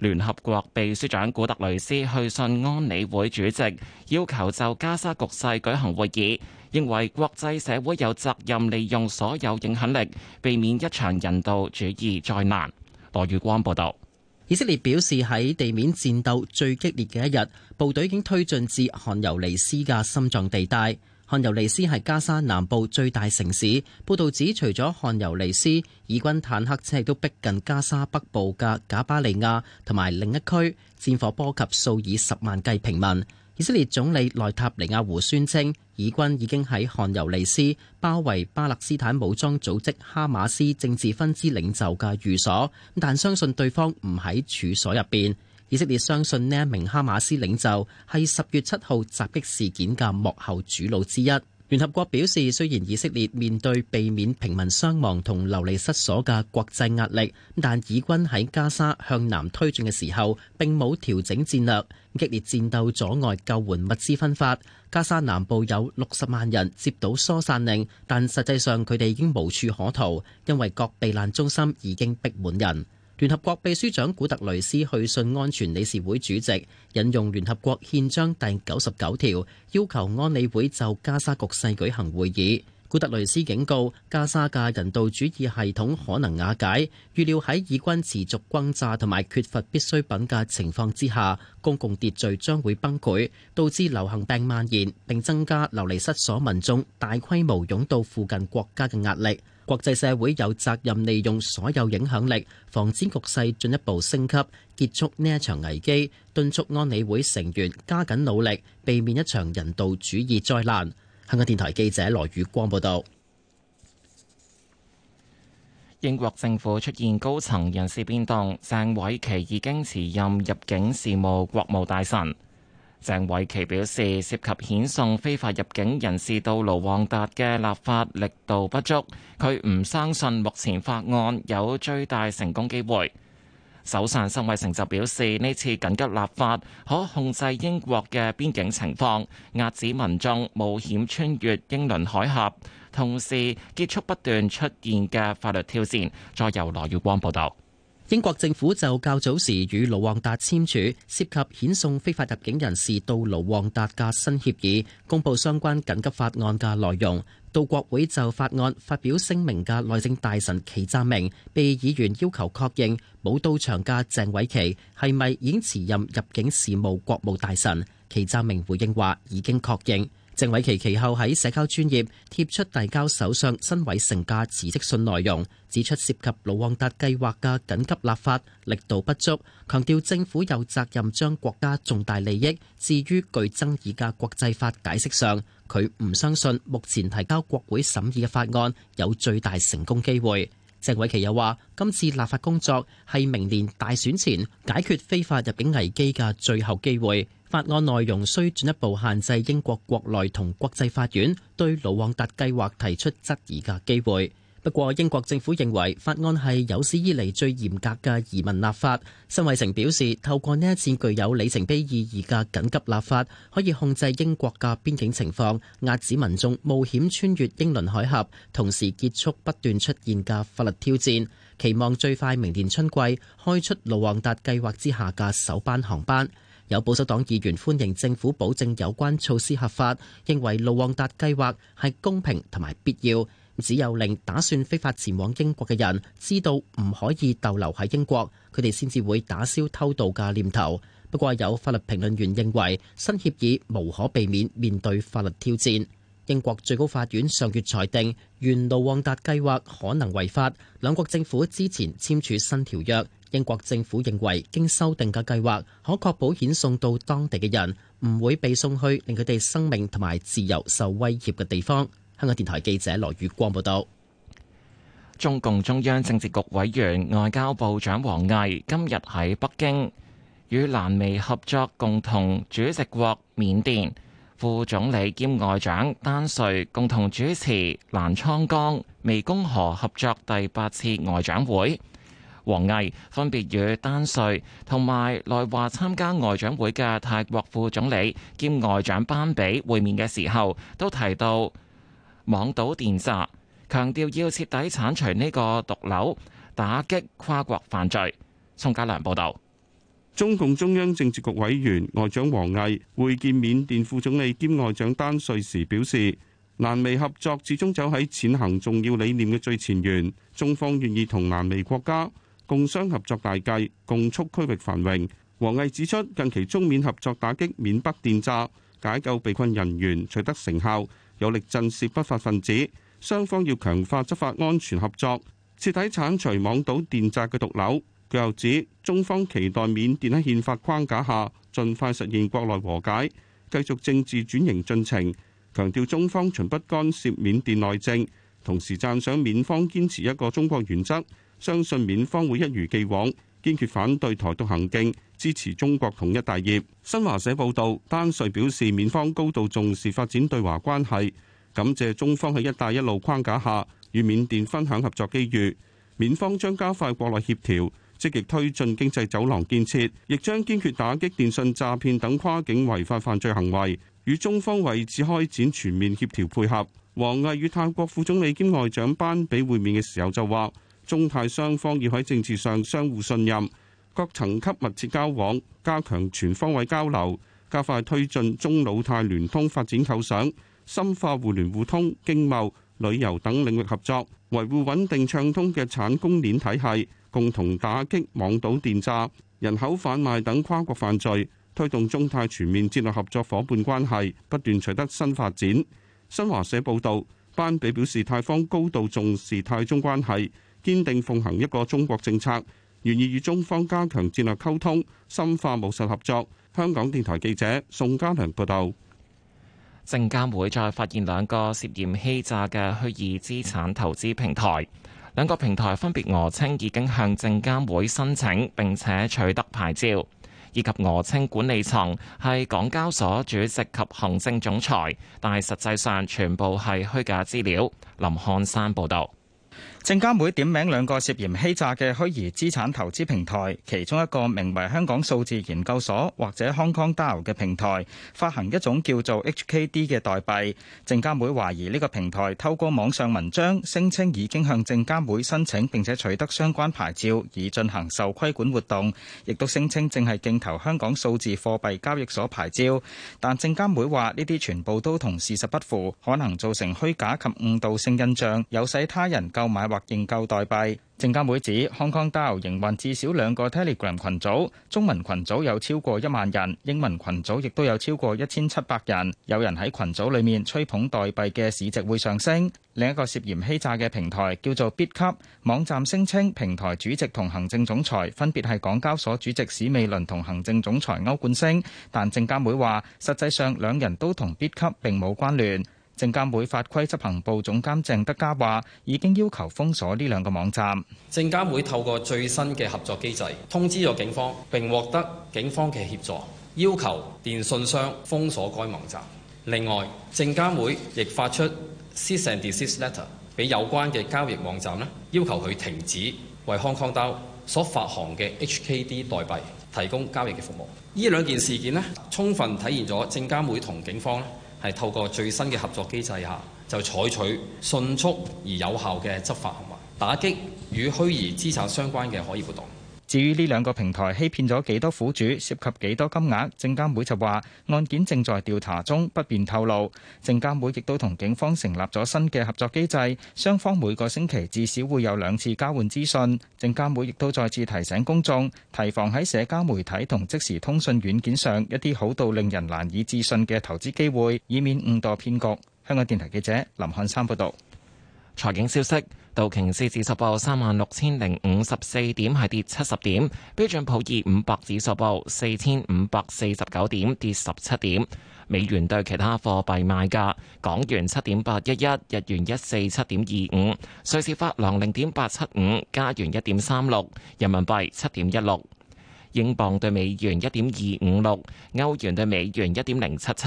聯合國秘書長古特雷斯去信安理會主席，要求就加沙局勢舉行會議，認為國際社會有責任利用所有影響力，避免一場人道主義災難。羅宇光報導。以色列表示喺地面戰鬥最激烈嘅一日，部隊已經推進至汗尤尼斯嘅心臟地帶。漢尤尼斯係加沙南部最大城市。報道指，除咗漢尤尼斯，以軍坦克車都逼近加沙北部嘅賈巴利亞同埋另一區，戰火波及數以十萬計平民。以色列總理內塔尼亞胡宣稱，以軍已經喺漢尤尼斯包圍巴勒斯坦武裝組織哈馬斯政治分支領袖嘅寓所，但相信對方唔喺處所入邊。以色列相信呢一名哈馬斯領袖係十月七號襲擊事件嘅幕後主腦之一。聯合國表示，雖然以色列面對避免平民傷亡同流離失所嘅國際壓力，但以軍喺加沙向南推進嘅時候並冇調整戰略，激烈戰鬥阻礙救援物資分發。加沙南部有六十萬人接到疏散令，但實際上佢哋已經無處可逃，因為各避難中心已經逼滿人。聯合國秘書長古特雷斯去信安全理事會主席，引用聯合國憲章第九十九條，要求安理會就加沙局勢舉行會議。古特雷斯警告，加沙嘅人道主義系統可能瓦解，預料喺以軍持續轟炸同埋缺乏必需品嘅情況之下，公共秩序將會崩潰，導致流行病蔓延，並增加流離失所民眾大規模湧到附近國家嘅壓力。國際社會有責任利用所有影響力，防止局勢進一步升級，結束呢一場危機，敦促安理會成員加緊努力，避免一場人道主義災難。香港電台記者羅宇光報道。英國政府出現高層人事變動，鄭偉琪已經辭任入境事務國務大臣。鄭偉琪表示，涉及遣送非法入境人士到盧旺達嘅立法力度不足，佢唔相信目前法案有最大成功機會。首相辛偉誠就表示，呢次緊急立法可控制英國嘅邊境情況，遏止民眾冒險穿越英倫海峽，同時結束不斷出現嘅法律挑戰。再由羅月光報道。英國政府就較早時與盧旺達簽署涉及遣送非法入境人士到盧旺達嘅新協議，公布相關緊急法案嘅內容。到國會就法案發表聲明嘅內政大臣祁澤明，被議員要求確認冇到場嘅鄭偉琪係咪已經辭任入境事務國務大臣。祁澤明回應話：已經確認。鄭偉琪其後喺社交專業貼出遞交首相辛偉誠嘅辭職信內容，指出涉及盧旺達計劃嘅緊急立法力度不足，強調政府有責任將國家重大利益置於具爭議嘅國際法解釋上。佢唔相信目前提交國會審議嘅法案有最大成功機會。鄭偉琪又話：今次立法工作係明年大選前解決非法入境危機嘅最後機會。法案內容需進一步限制英國國內同國際法院對盧旺達計劃提出質疑嘅機會。不過，英國政府認為法案係有史以嚟最嚴格嘅移民立法。辛偉誠表示，透過呢一次具有里程碑意義嘅緊急立法，可以控制英國嘅邊境情況，遏止民眾冒險穿越英倫海峽，同時結束不斷出現嘅法律挑戰。期望最快明年春季開出盧旺達計劃之下嘅首班航班。有保守黨議員歡迎政府保證有關措施合法，認為盧旺達計劃係公平同埋必要。只有令打算非法前往英國嘅人知道唔可以逗留喺英國，佢哋先至會打消偷渡嘅念頭。不過，有法律評論員認為新協議無可避免面對法律挑戰，英國最高法院上月裁定原盧旺達計劃可能違法。兩國政府之前簽署新條約，英國政府認為經修訂嘅計劃可確保遣送到當地嘅人唔會被送去令佢哋生命同埋自由受威脅嘅地方。香港電台記者羅宇光報道，中共中央政治局委員、外交部長王毅今日喺北京與瀾湄合作共同主席國緬甸副總理兼外長丹瑞共同主持瀾滄江湄公河合作第八次外長會。王毅分別與丹瑞同埋來華參加外長會嘅泰國副總理兼外長班比會面嘅時候，都提到。網賭電詐，強調要徹底剷除呢個毒瘤，打擊跨國犯罪。宋家良報導，中共中央政治局委員外長王毅會見緬甸副總理兼外長丹瑞時表示，瀾湄合作始終走喺踐行重要理念嘅最前沿。中方願意同瀾湄國家共商合作大計，共促區域繁榮。王毅指出，近期中緬合作打擊緬北電詐、解救被困人員取得成效。有力震懾不法分子，雙方要強化執法安全合作，徹底鏟除網賭電詐嘅毒瘤。佢又指，中方期待緬甸喺憲法框架下，盡快實現國內和解，繼續政治轉型進程。強調中方從不干涉緬甸內政，同時讚賞緬方堅持一個中國原則，相信緬方會一如既往，堅決反對台獨行徑，支持中國統一大業。新華社報道，丹瑞表示，緬方高度重視發展對華關係，感謝中方喺“一帶一路”框架下與緬甸分享合作機遇。緬方將加快國內協調，積極推進經濟走廊建設，亦將堅決打擊電信詐騙等跨境違法犯罪行為，與中方為此開展全面協調配合。王毅與泰國副總理兼外長班比會面嘅時候就話。中泰雙方要喺政治上相互信任，各層級密切交往，加強全方位交流，加快推進中老泰聯通發展構想，深化互聯互通、經貿、旅遊等領域合作，維護穩定暢通嘅產供鏈體系，共同打擊網賭電詐、人口販賣等跨國犯罪，推動中泰全面戰略合作伙伴關係不斷取得新發展。新華社報道，班比表示，泰方高度重視泰中關係。堅定奉行一個中國政策，願意與中方加強戰略溝通、深化務實合作。香港電台記者宋家良報導。證監會再發現兩個涉嫌欺詐嘅虛擬資產投資平台，兩個平台分別訛稱已經向證監會申請並且取得牌照，以及訛稱管理層係港交所主席及行政總裁，但係實際上全部係虛假資料。林漢山報導。證監會點名兩個涉嫌欺詐嘅虛擬資產投資平台，其中一個名為香港數字研究所或者 Hong Kong d 達流嘅平台，發行一種叫做 HKD 嘅代幣。證監會懷疑呢個平台透過網上文章聲稱已經向證監會申請並且取得相關牌照，以進行受規管活動，亦都聲稱正係競投香港數字貨幣交易所牌照。但證監會話呢啲全部都同事實不符，可能造成虛假及誤導性印象，有使他人購買或。認購代幣，證監會指 HongKong DAO 營運至少兩個 Telegram 群組，中文群組有超過一萬人，英文群組亦都有超過一千七百人。有人喺群組裡面吹捧代幣嘅市值會上升。另一個涉嫌欺詐嘅平台叫做必給，網站聲稱平台主席同行政總裁分別係港交所主席史美倫同行政總裁歐冠昇。但證監會話實際上兩人都同必給並冇關聯。證監會法規執行部總監鄭德嘉話：已經要求封鎖呢兩個網站。證監會透過最新嘅合作機制通知咗警方，並獲得警方嘅協助，要求電信商封鎖該網站。另外，證監會亦發出 Cease and Desist Letter 俾有關嘅交易網站咧，要求佢停止為 Hong Kong DAO 所發行嘅 HKD 代幣提供交易嘅服務。呢兩件事件咧，充分體現咗證監會同警方係透過最新嘅合作機制下，就採取迅速而有效嘅執法行為，打擊與虛擬資產相關嘅可疑活動。至於呢兩個平台欺騙咗幾多苦主，涉及幾多金額，證監會就話案件正在調查中，不便透露。證監會亦都同警方成立咗新嘅合作機制，雙方每個星期至少會有兩次交換資訊。證監會亦都再次提醒公眾提防喺社交媒體同即時通訊軟件上一啲好到令人難以置信嘅投資機會，以免誤墮騙局。香港電台記者林漢山報道。財經消息：道瓊斯指數報三萬六千零五十四點，係跌七十點；標準普爾五百指數報四千五百四十九點，跌十七點。美元對其他貨幣賣價：港元七點八一一，日元一四七點二五，瑞士法郎零點八七五，加元一點三六，人民幣七點一六。英鎊兌美元一點二五六，歐元兌美元一點零七七，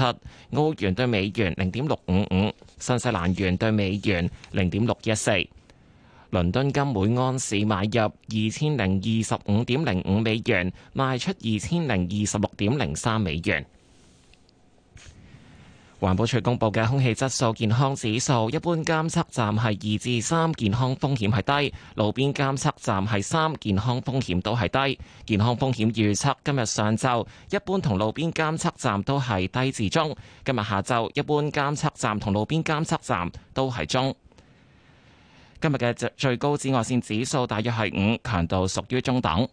歐元兌美元零點六五五，新西蘭元兌美元零點六一四。倫敦金每安士買入二千零二十五點零五美元，賣出二千零二十六點零三美元。環保署公布嘅空氣質素健康指數，一般監測站係二至三，健康風險係低；路邊監測站係三，健康風險都係低。健康風險預測今日上晝一般同路邊監測站都係低至中，今日下晝一般監測站同路邊監測站都係中。今日嘅最高紫外線指數大約係五，強度屬於中等。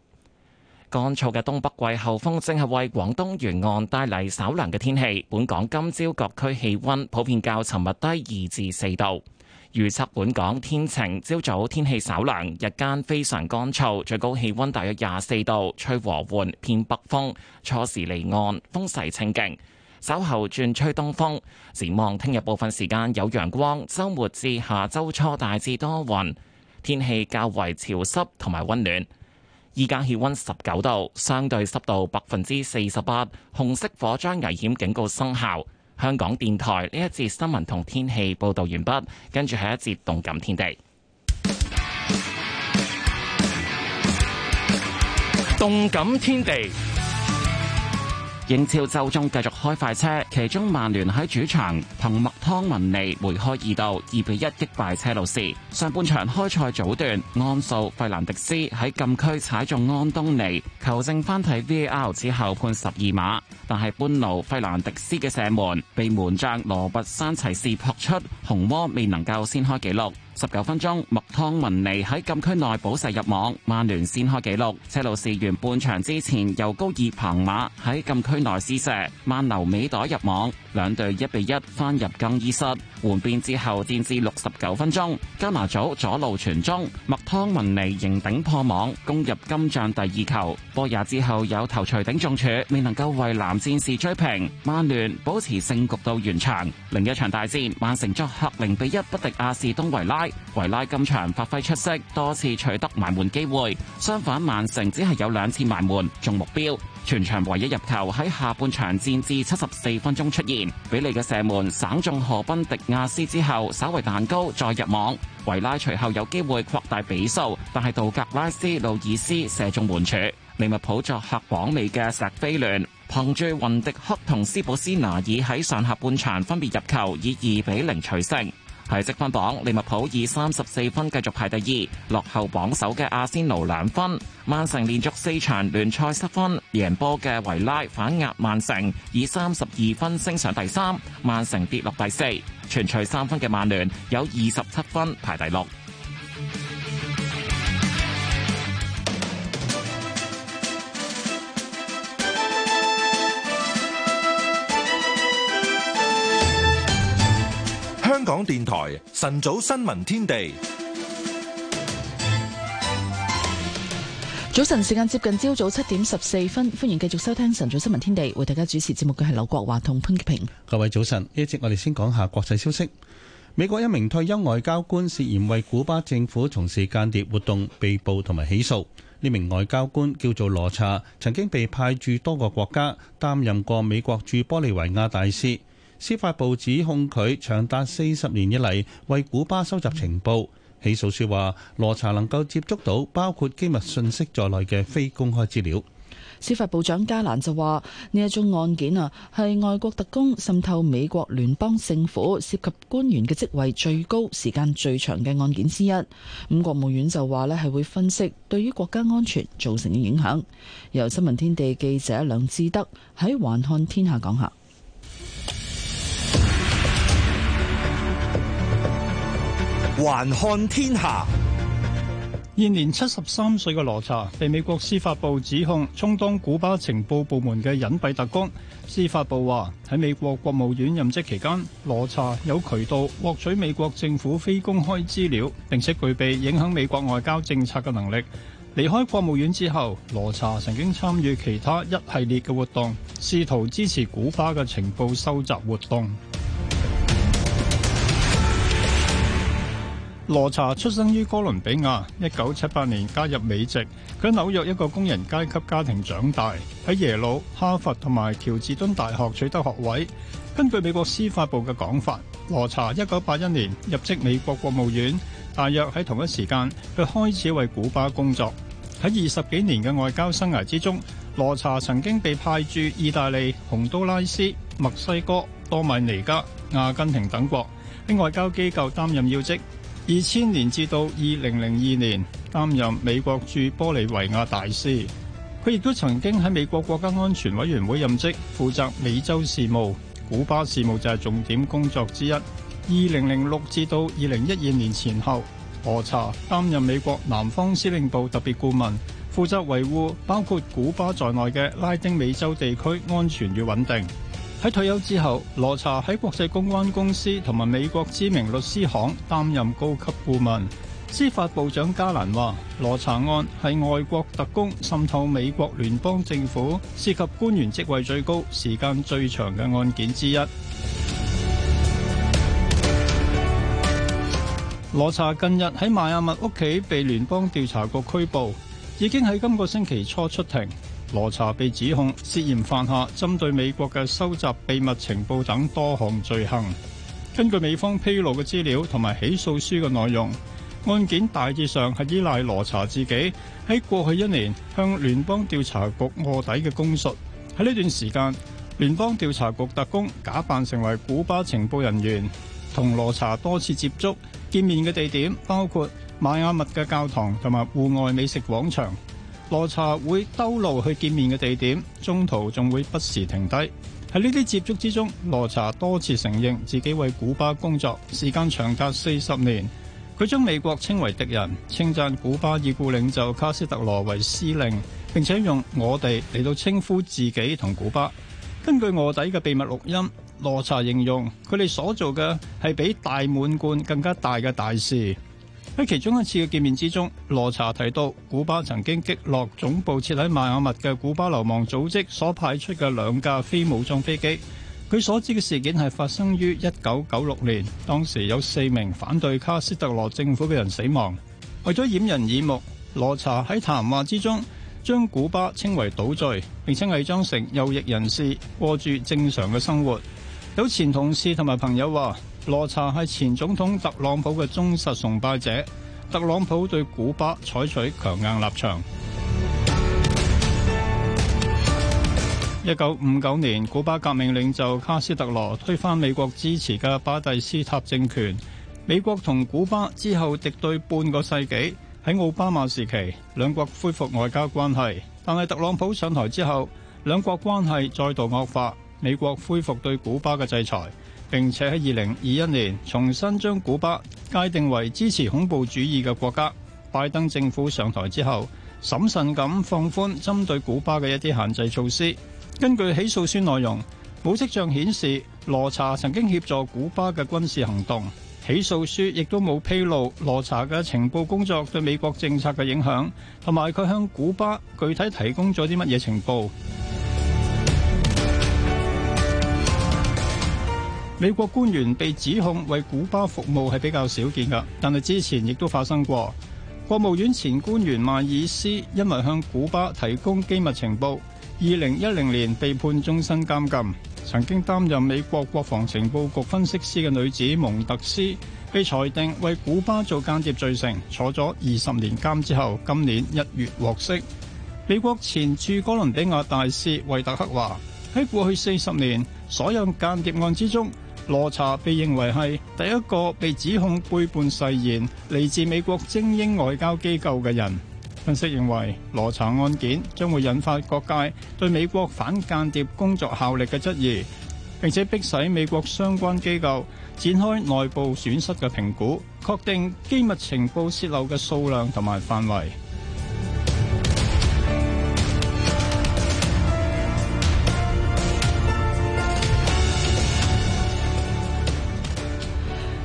乾燥嘅東北季候風正係為廣東沿岸帶嚟稍涼嘅天氣，本港今朝各區氣溫普遍較尋日低二至四度。預測本港天晴，朝早天氣稍涼，日間非常乾燥，最高氣溫大約廿四度，吹和緩偏北風，初時離岸風勢清勁，稍後轉吹東風，展望聽日部分時間有陽光，週末至下週初大致多雲，天氣較為潮濕同埋溫暖。依家氣温十九度，相對濕度百分之四十八，紅色火災危險警告生效。香港電台呢一節新聞同天氣報道完畢，跟住係一節動感天地。動感天地。英超周中繼續開快車，其中曼聯喺主場憑麥湯文尼梅開二度二比一擊敗車路士。上半場開賽早段，安素費蘭迪斯喺禁區踩中安東尼，球證翻睇 VAR 之後判十二碼，但係半路費蘭迪斯嘅射門被門將羅拔山齊士撲出，紅魔未能夠先開紀錄。十九分鐘，麥湯文尼喺禁區內補射入網，曼聯先開紀錄。車路士完半場之前，由高爾龐馬喺禁區內施射，慢流尾袋入網，兩隊一比一翻入更衣室換邊之後，戰至六十九分鐘，加拿祖左路傳中，麥湯文尼迎頂破網，攻入今仗第二球。波也之後有頭槌頂中柱，未能夠為藍戰士追平，曼聯保持勝局到完場。另一場大戰，曼城作客零比一不敵亞士東維拉。維拉今場發揮出色，多次取得埋門機會。相反，曼城只係有兩次埋門中目標，全場唯一入球喺下半場戰至七十四分鐘出現，比利嘅射門省中何賓迪亞斯之後，稍為彈高再入網。維拉隨後有機會擴大比數，但係道格拉斯路爾斯射中門柱。利物浦作客榜尾嘅石飛聯，憑住雲迪克同斯普斯拿爾喺上下半場分別入球，以二比零取勝。係積分榜，利物浦以三十四分繼續排第二，落後榜首嘅阿仙奴兩分。曼城連續四場聯賽失分，贏波嘅維拉反壓曼城，以三十二分升上第三，曼城跌落第四。全取三分嘅曼聯有二十七分排第六。港電台晨早新聞天地，早晨時間接近朝早七點十四分，歡迎繼續收聽晨早新聞天地，為大家主持節目嘅係劉國華同潘潔平。各位早晨，一節我哋先講下國際消息。美國一名退休外交官涉嫌為古巴政府從事間諜活動被捕同埋起訴。呢名外交官叫做羅查，曾經被派駐多個國家，擔任過美國駐玻利維亞大使。司法部指控佢，長達四十年以嚟為古巴收集情報。起訴書話羅查能夠接觸到包括機密信息在內嘅非公開資料。司法部長加蘭就話呢一宗案件啊，係外國特工滲透美國聯邦政府，涉及官員嘅職位最高、時間最長嘅案件之一。咁國務院就話咧，係會分析對於國家安全造成嘅影響，由新聞天地記者梁志德喺橫看天下講下。還看天下，現年七十三歲嘅羅查被美國司法部指控充當古巴情報部門嘅隱蔽特工。司法部話喺美國國務院任職期間，羅查有渠道獲取美國政府非公開資料，並且具備影響美國外交政策嘅能力。離開國務院之後，羅查曾經參與其他一系列嘅活動，試圖支持古巴嘅情報收集活動。羅查出生於哥倫比亞，一九七八年加入美籍。佢喺紐約一個工人階級家庭長大，喺耶魯、哈佛同埋喬治敦大學取得學位。根據美國司法部嘅講法，羅查一九八一年入職美國國務院，大約喺同一時間佢開始為古巴工作。喺二十幾年嘅外交生涯之中，羅查曾經被派駐意大利、洪都拉斯、墨西哥、多米尼加、阿根廷等國，喺外交機構擔任要職。二千年至到二零零二年擔任美國駐玻利維亞大使，佢亦都曾經喺美國國家安全委員會任職，負責美洲事務。古巴事務就係重點工作之一。二零零六至到二零一二年前後，何查擔任美國南方司令部特別顧問，負責維護包括古巴在內嘅拉丁美洲地區安全與穩定。喺退休之後，羅查喺國際公安公司同埋美國知名律師行擔任高級顧問。司法部長加蘭話：羅查案係外國特工滲透美國聯邦政府，涉及官員職位最高、時間最長嘅案件之一。羅查近日喺邁阿密屋企被聯邦調查局拘捕，已經喺今個星期初出庭。羅查被指控涉嫌犯下針對美國嘅收集秘密情報等多項罪行。根據美方披露嘅資料同埋起訴書嘅內容，案件大致上係依賴羅查自己喺過去一年向聯邦調查局臥底嘅供述。喺呢段時間，聯邦調查局特工假扮成為古巴情報人員，同羅查多次接觸見面嘅地點包括邁阿密嘅教堂同埋戶外美食廣場。羅查會兜路去見面嘅地點，中途仲會不時停低。喺呢啲接觸之中，羅查多次承認自己為古巴工作，時間長達四十年。佢將美國稱為敵人，稱讚古巴已故領袖卡斯特羅為司令，並且用我哋嚟到稱呼自己同古巴。根據臥底嘅秘密錄音，羅查形容佢哋所做嘅係比大滿貫更加大嘅大事。喺其中一次嘅見面之中，羅查提到古巴曾經擊落總部設喺邁阿密嘅古巴流亡組織所派出嘅兩架非武裝飛機，佢所知嘅事件係發生於一九九六年，當時有四名反對卡斯特羅政府嘅人死亡。為咗掩人耳目，羅查喺談話之中將古巴稱為島嶼，並且偽裝成右翼人士過住正常嘅生活。有前同事同埋朋友話，羅查係前總統特朗普嘅忠實崇拜者。特朗普對古巴採取強硬立場。一九五九年，古巴革命領袖卡斯特羅推翻美國支持嘅巴蒂斯塔政權。美國同古巴之後敵對半個世紀。喺奧巴馬時期，兩國恢復外交關係，但係特朗普上台之後，兩國關係再度惡化。美國恢復對古巴嘅制裁，並且喺二零二一年重新將古巴界定為支持恐怖主義嘅國家。拜登政府上台之後，審慎咁放寬針對古巴嘅一啲限制措施。根據起訴書內容，冇跡象顯示羅查曾經協助古巴嘅軍事行動。起訴書亦都冇披露羅查嘅情報工作對美國政策嘅影響，同埋佢向古巴具體提供咗啲乜嘢情報。美國官員被指控為古巴服務係比較少見噶，但係之前亦都發生過。國務院前官員邁爾斯因為向古巴提供機密情報，二零一零年被判終身監禁。曾經擔任美國國防情報局分析師嘅女子蒙特斯被裁定為古巴做間諜罪成，坐咗二十年監之後今年一月獲釋，美國前駐哥倫比亞大使維特克話喺過去四十年所有間諜案之中，羅查被認為係第一個被指控背叛誓言、嚟自美國精英外交機構嘅人。分析認為，羅查案件將會引發各界對美國反間諜工作效力嘅質疑，並且迫使美國相關機構展開內部損失嘅評估，確定機密情報泄漏嘅數量同埋範圍。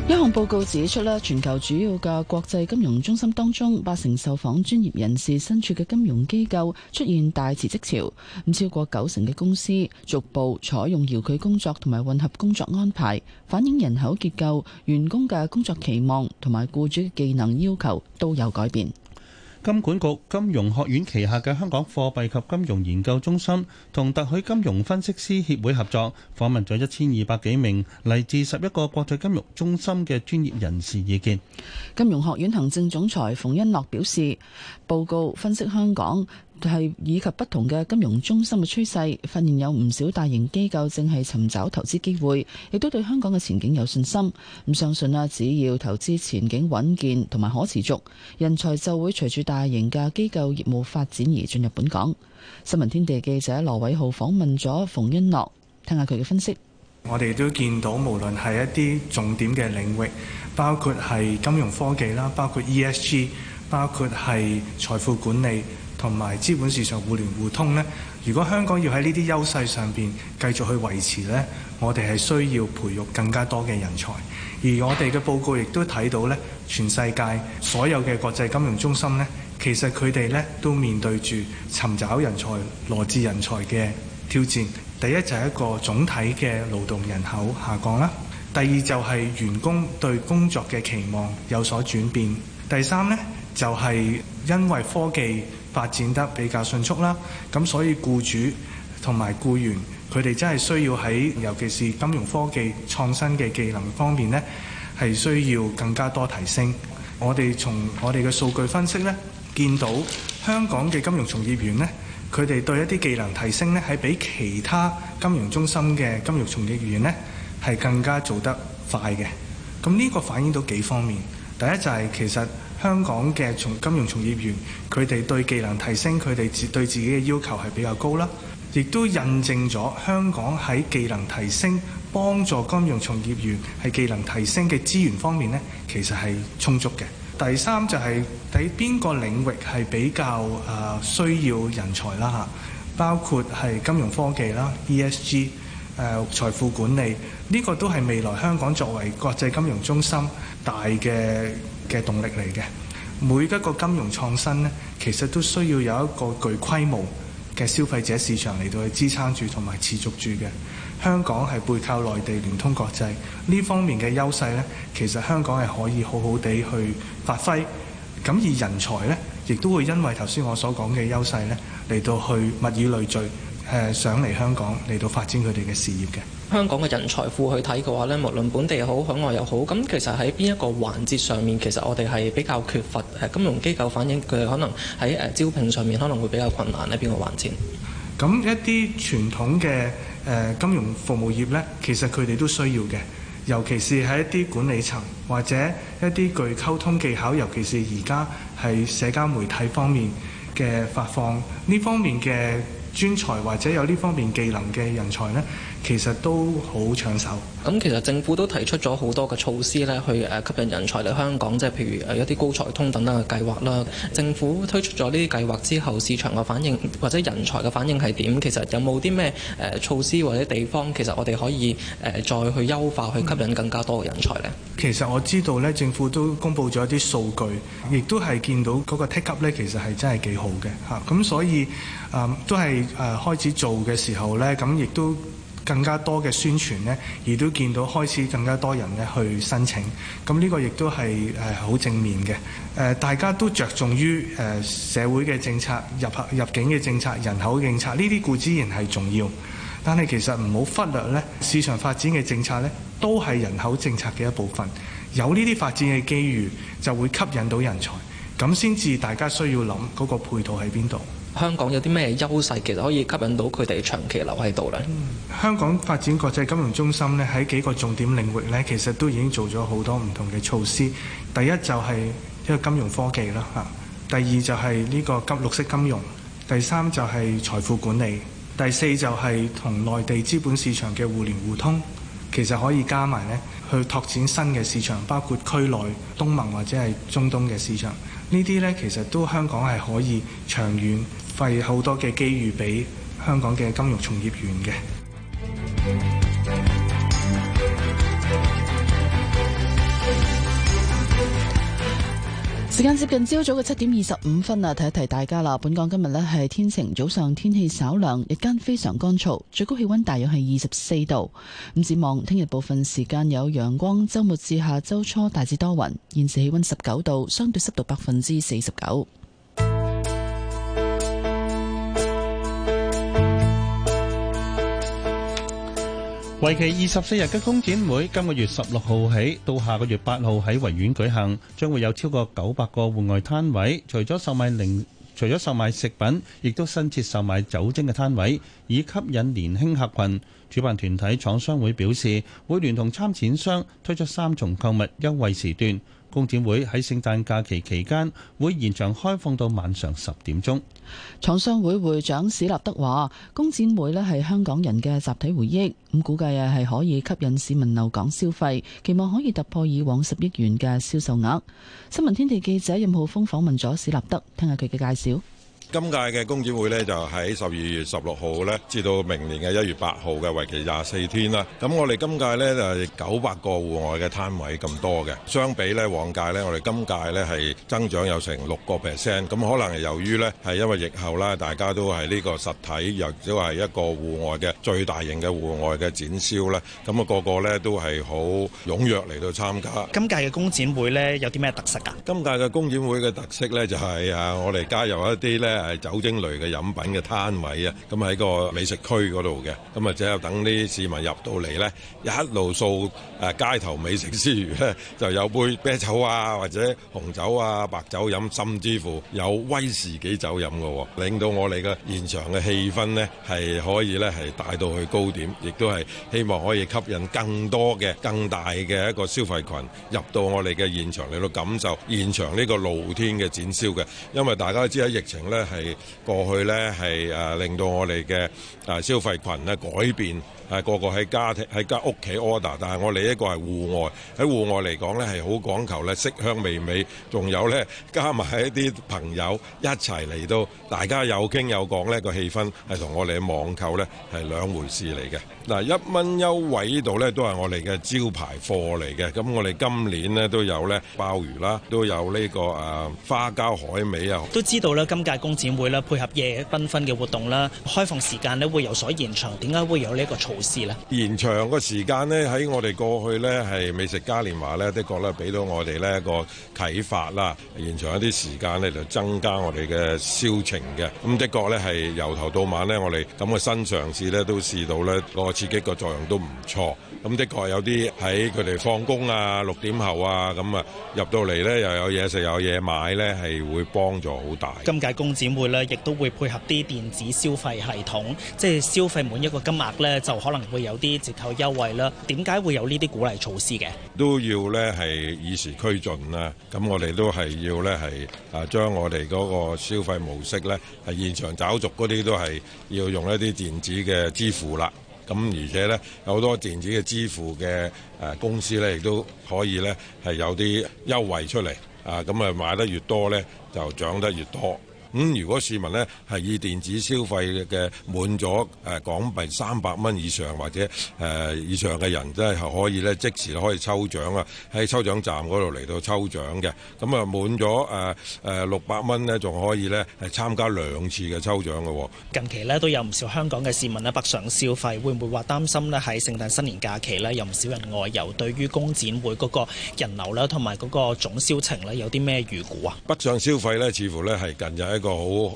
一項報告指出咧，全球主要嘅國際金融中心當中，八成受訪專業人士身處嘅金融機構出現大辭職潮，咁超過九成嘅公司逐步採用遙距工作同埋混合工作安排，反映人口結構、員工嘅工作期望同埋僱主嘅技能要求都有改變。金管局金融學院旗下嘅香港貨幣及金融研究中心同特許金融分析師協會合作，訪問咗一千二百幾名嚟自十一個國際金融中心嘅專業人士意見。金融學院行政總裁馮恩諾表示，報告分析香港，係以及不同嘅金融中心嘅趨勢，發現有唔少大型機構正係尋找投資機會，亦都對香港嘅前景有信心。咁相信啊，只要投資前景穩健同埋可持續，人才就會隨住大型嘅機構業務發展而進入本港。新聞天地記者羅偉浩訪問咗馮恩樂，聽下佢嘅分析。我哋都見到，無論係一啲重點嘅領域，包括係金融科技啦，包括 ESG，包括係財富管理。同埋資本市場互聯互通咧。如果香港要喺呢啲優勢上邊繼續去維持咧，我哋係需要培育更加多嘅人才。而我哋嘅報告亦都睇到咧，全世界所有嘅國際金融中心咧，其實，佢哋咧都面對住尋找人才、羅致人才嘅挑戰。第一就係、是、一個總體嘅勞動人口下降啦。第二就係、是、員工對工作嘅期望有所轉變，第三咧就係、是、因為科技。發展得比較迅速啦，咁所以僱主同埋僱員佢哋真係需要喺，尤其是金融科技創新嘅技能方面呢，係需要更加多提升。我哋從我哋嘅數據分析呢，見到香港嘅金融從業員呢，佢哋對一啲技能提升呢，係比其他金融中心嘅金融從業員呢，係更加做得快嘅。咁呢個反映到幾方面，第一就係其實。香港嘅從金融從業員，佢哋對技能提升，佢哋自對自己嘅要求係比較高啦。亦都印證咗香港喺技能提升幫助金融從業員喺技能提升嘅資源方面呢，其實係充足嘅。第三就係喺邊個領域係比較誒需要人才啦？嚇，包括係金融科技啦、ESG、誒財富管理呢個都係未來香港作為國際金融中心大嘅。嘅動力嚟嘅，每一個金融創新呢，其實都需要有一個具規模嘅消費者市場嚟到去支撐住同埋持續住嘅。香港係背靠內地，聯通國際呢方面嘅優勢呢，其實香港係可以好好地去發揮。咁而人才呢，亦都會因為頭先我所講嘅優勢呢，嚟到去物以類聚，誒、呃、上嚟香港嚟到發展佢哋嘅事業嘅。香港嘅人才庫去睇嘅話咧，無論本地又好，海外又好，咁其實喺邊一個環節上面，其實我哋係比較缺乏，誒，金融機構反映佢可能喺，誒，招聘上面可能會比較困難咧，邊個環節？咁一啲傳統嘅，誒，金融服務業呢，其實佢哋都需要嘅，尤其是喺一啲管理層或者一啲具溝通技巧，尤其是而家係社交媒體方面嘅發放呢方面嘅專才或者有呢方面技能嘅人才呢。其實都好搶手。咁其實政府都提出咗好多嘅措施咧，去誒吸引人才嚟香港，即係譬如誒一啲高才通等等嘅計劃啦。政府推出咗呢啲計劃之後，市場嘅反應或者人才嘅反應係點？其實有冇啲咩誒措施或者地方，其實我哋可以誒再去優化，去吸引更加多嘅人才呢？其實我知道呢，政府都公布咗一啲數據，亦都係見到嗰個 take up 呢，其實係真係幾好嘅嚇。咁所以誒、嗯、都係誒開始做嘅時候呢，咁亦都。更加多嘅宣傳呢，而都見到開始更加多人呢去申請，咁呢個亦都係誒好正面嘅。誒、呃、大家都着重於誒、呃、社會嘅政策、入入境嘅政策、人口政策呢啲固然係重要，但係其實唔好忽略呢市場發展嘅政策呢，都係人口政策嘅一部分。有呢啲發展嘅機遇，就會吸引到人才，咁先至大家需要諗嗰個配套喺邊度。香港有啲咩優勢，其實可以吸引到佢哋長期留喺度呢？香港發展國際金融中心呢，喺幾個重點領域呢，其實都已經做咗好多唔同嘅措施。第一就係一個金融科技啦嚇，第二就係呢個綠色金融，第三就係財富管理，第四就係同內地資本市場嘅互聯互通。其實可以加埋呢，去拓展新嘅市場，包括區內、東盟或者係中東嘅市場。呢啲呢，其實都香港係可以長遠。費好多嘅機遇俾香港嘅金融從業員嘅。時間接近朝早嘅七點二十五分啊，提一提大家啦。本港今日呢係天晴，早上天氣稍涼，日間非常乾燥，最高氣溫大約係二十四度。咁展望聽日部分時間有陽光，週末至下週初大致多雲。現時氣溫十九度，相對濕度百分之四十九。為期二十四日嘅工展會，今個月十六號起到下個月八號喺維園舉行，將會有超過九百個戶外攤位，除咗售賣零，除咗售賣食品，亦都新設售賣酒精嘅攤位，以吸引年輕客群。主辦團體廠商會表示，會聯同參展商推出三重購物優惠時段。工展會喺聖誕假期期間會延長開放到晚上十點鐘。廠商會會長史立德話，工展會咧係香港人嘅集體回憶，咁估計啊，係可以吸引市民留港消費，期望可以突破以往十億元嘅銷售額。新聞天地記者任浩峰訪問咗史立德，聽下佢嘅介紹。今屆嘅工展會咧，就喺十二月十六號咧，至到明年嘅一月八號嘅，為期廿四天啦。咁我哋今屆咧就係九百個戶外嘅攤位咁多嘅，相比咧往屆咧，我哋今屆咧係增長有成六個 percent。咁可能係由於咧係因為疫後啦，大家都係呢個實體又都係一個戶外嘅最大型嘅戶外嘅展銷咧。咁啊個個咧都係好踴躍嚟到參加。今屆嘅工展會咧有啲咩特色㗎？今屆嘅工展會嘅特色咧就係啊，我哋加入一啲咧。係酒精類嘅飲品嘅攤位啊，咁喺個美食區度嘅，咁啊只有等啲市民入到嚟咧，一路掃誒街頭美食之餘咧，就有杯啤酒啊，或者紅酒啊、白酒飲，甚至乎有威士忌酒飲嘅，令到我哋嘅現場嘅氣氛咧係可以咧係帶到去高點，亦都係希望可以吸引更多嘅更大嘅一個消費群入到我哋嘅現場嚟到感受現場呢個露天嘅展銷嘅，因為大家都知喺疫情咧。係過去咧，係誒令到我哋嘅誒消費群咧改變。係、啊、個個喺家庭喺間屋企 order，但係我哋呢個係戶外喺戶外嚟講呢係好講求呢色香味美,美，仲有呢，加埋一啲朋友一齊嚟到，大家有傾有講呢個氣氛係同我哋嘅網購呢係兩回事嚟嘅。嗱、啊、一蚊優惠呢度呢都係我哋嘅招牌貨嚟嘅。咁我哋今年呢都有呢鮑魚啦，都有呢都有、呢個誒、啊、花膠海味啊。都知道呢今屆工展會呢配合夜,夜繽紛嘅活動啦，開放時間呢會有所延長。點解會有呢一個試咧延長個時間呢，喺我哋過去呢，係美食嘉年華呢，的確呢俾到我哋呢個啟發啦。延長一啲時間呢，就增加我哋嘅銷情嘅。咁的確呢，係由頭到晚呢，我哋咁嘅新嘗試呢，都試到呢，個刺激個作用都唔錯。咁的確有啲喺佢哋放工啊，六點後啊，咁啊，入到嚟呢，又有嘢食有嘢買呢，係會幫助好大。今屆工展會呢，亦都會配合啲電子消費系統，即係消費滿一個金額呢。就。可能會有啲折扣優惠啦，點解會有呢啲鼓勵措施嘅？都要咧係與時俱進啦，咁我哋都係要咧係啊，將我哋嗰個消費模式咧係現場找續嗰啲都係要用一啲電子嘅支付啦。咁而且咧有好多電子嘅支付嘅誒公司咧，亦都可以咧係有啲優惠出嚟啊！咁啊買得越多咧，就漲得越多。咁、嗯、如果市民咧係以電子消費嘅滿咗誒、呃、港幣三百蚊以上或者誒、呃、以上嘅人，都係可以咧即時可以抽獎啊！喺抽獎站嗰度嚟到抽獎嘅。咁啊滿咗誒誒六百蚊呢？仲可以呢，係參加兩次嘅抽獎嘅、哦。近期呢，都有唔少香港嘅市民咧北上消費，會唔會話擔心呢？喺聖誕新年假期呢，有唔少人外遊，對於工展會嗰個人流咧同埋嗰個總銷情呢，有啲咩預估啊？北上消費呢，似乎呢係近日個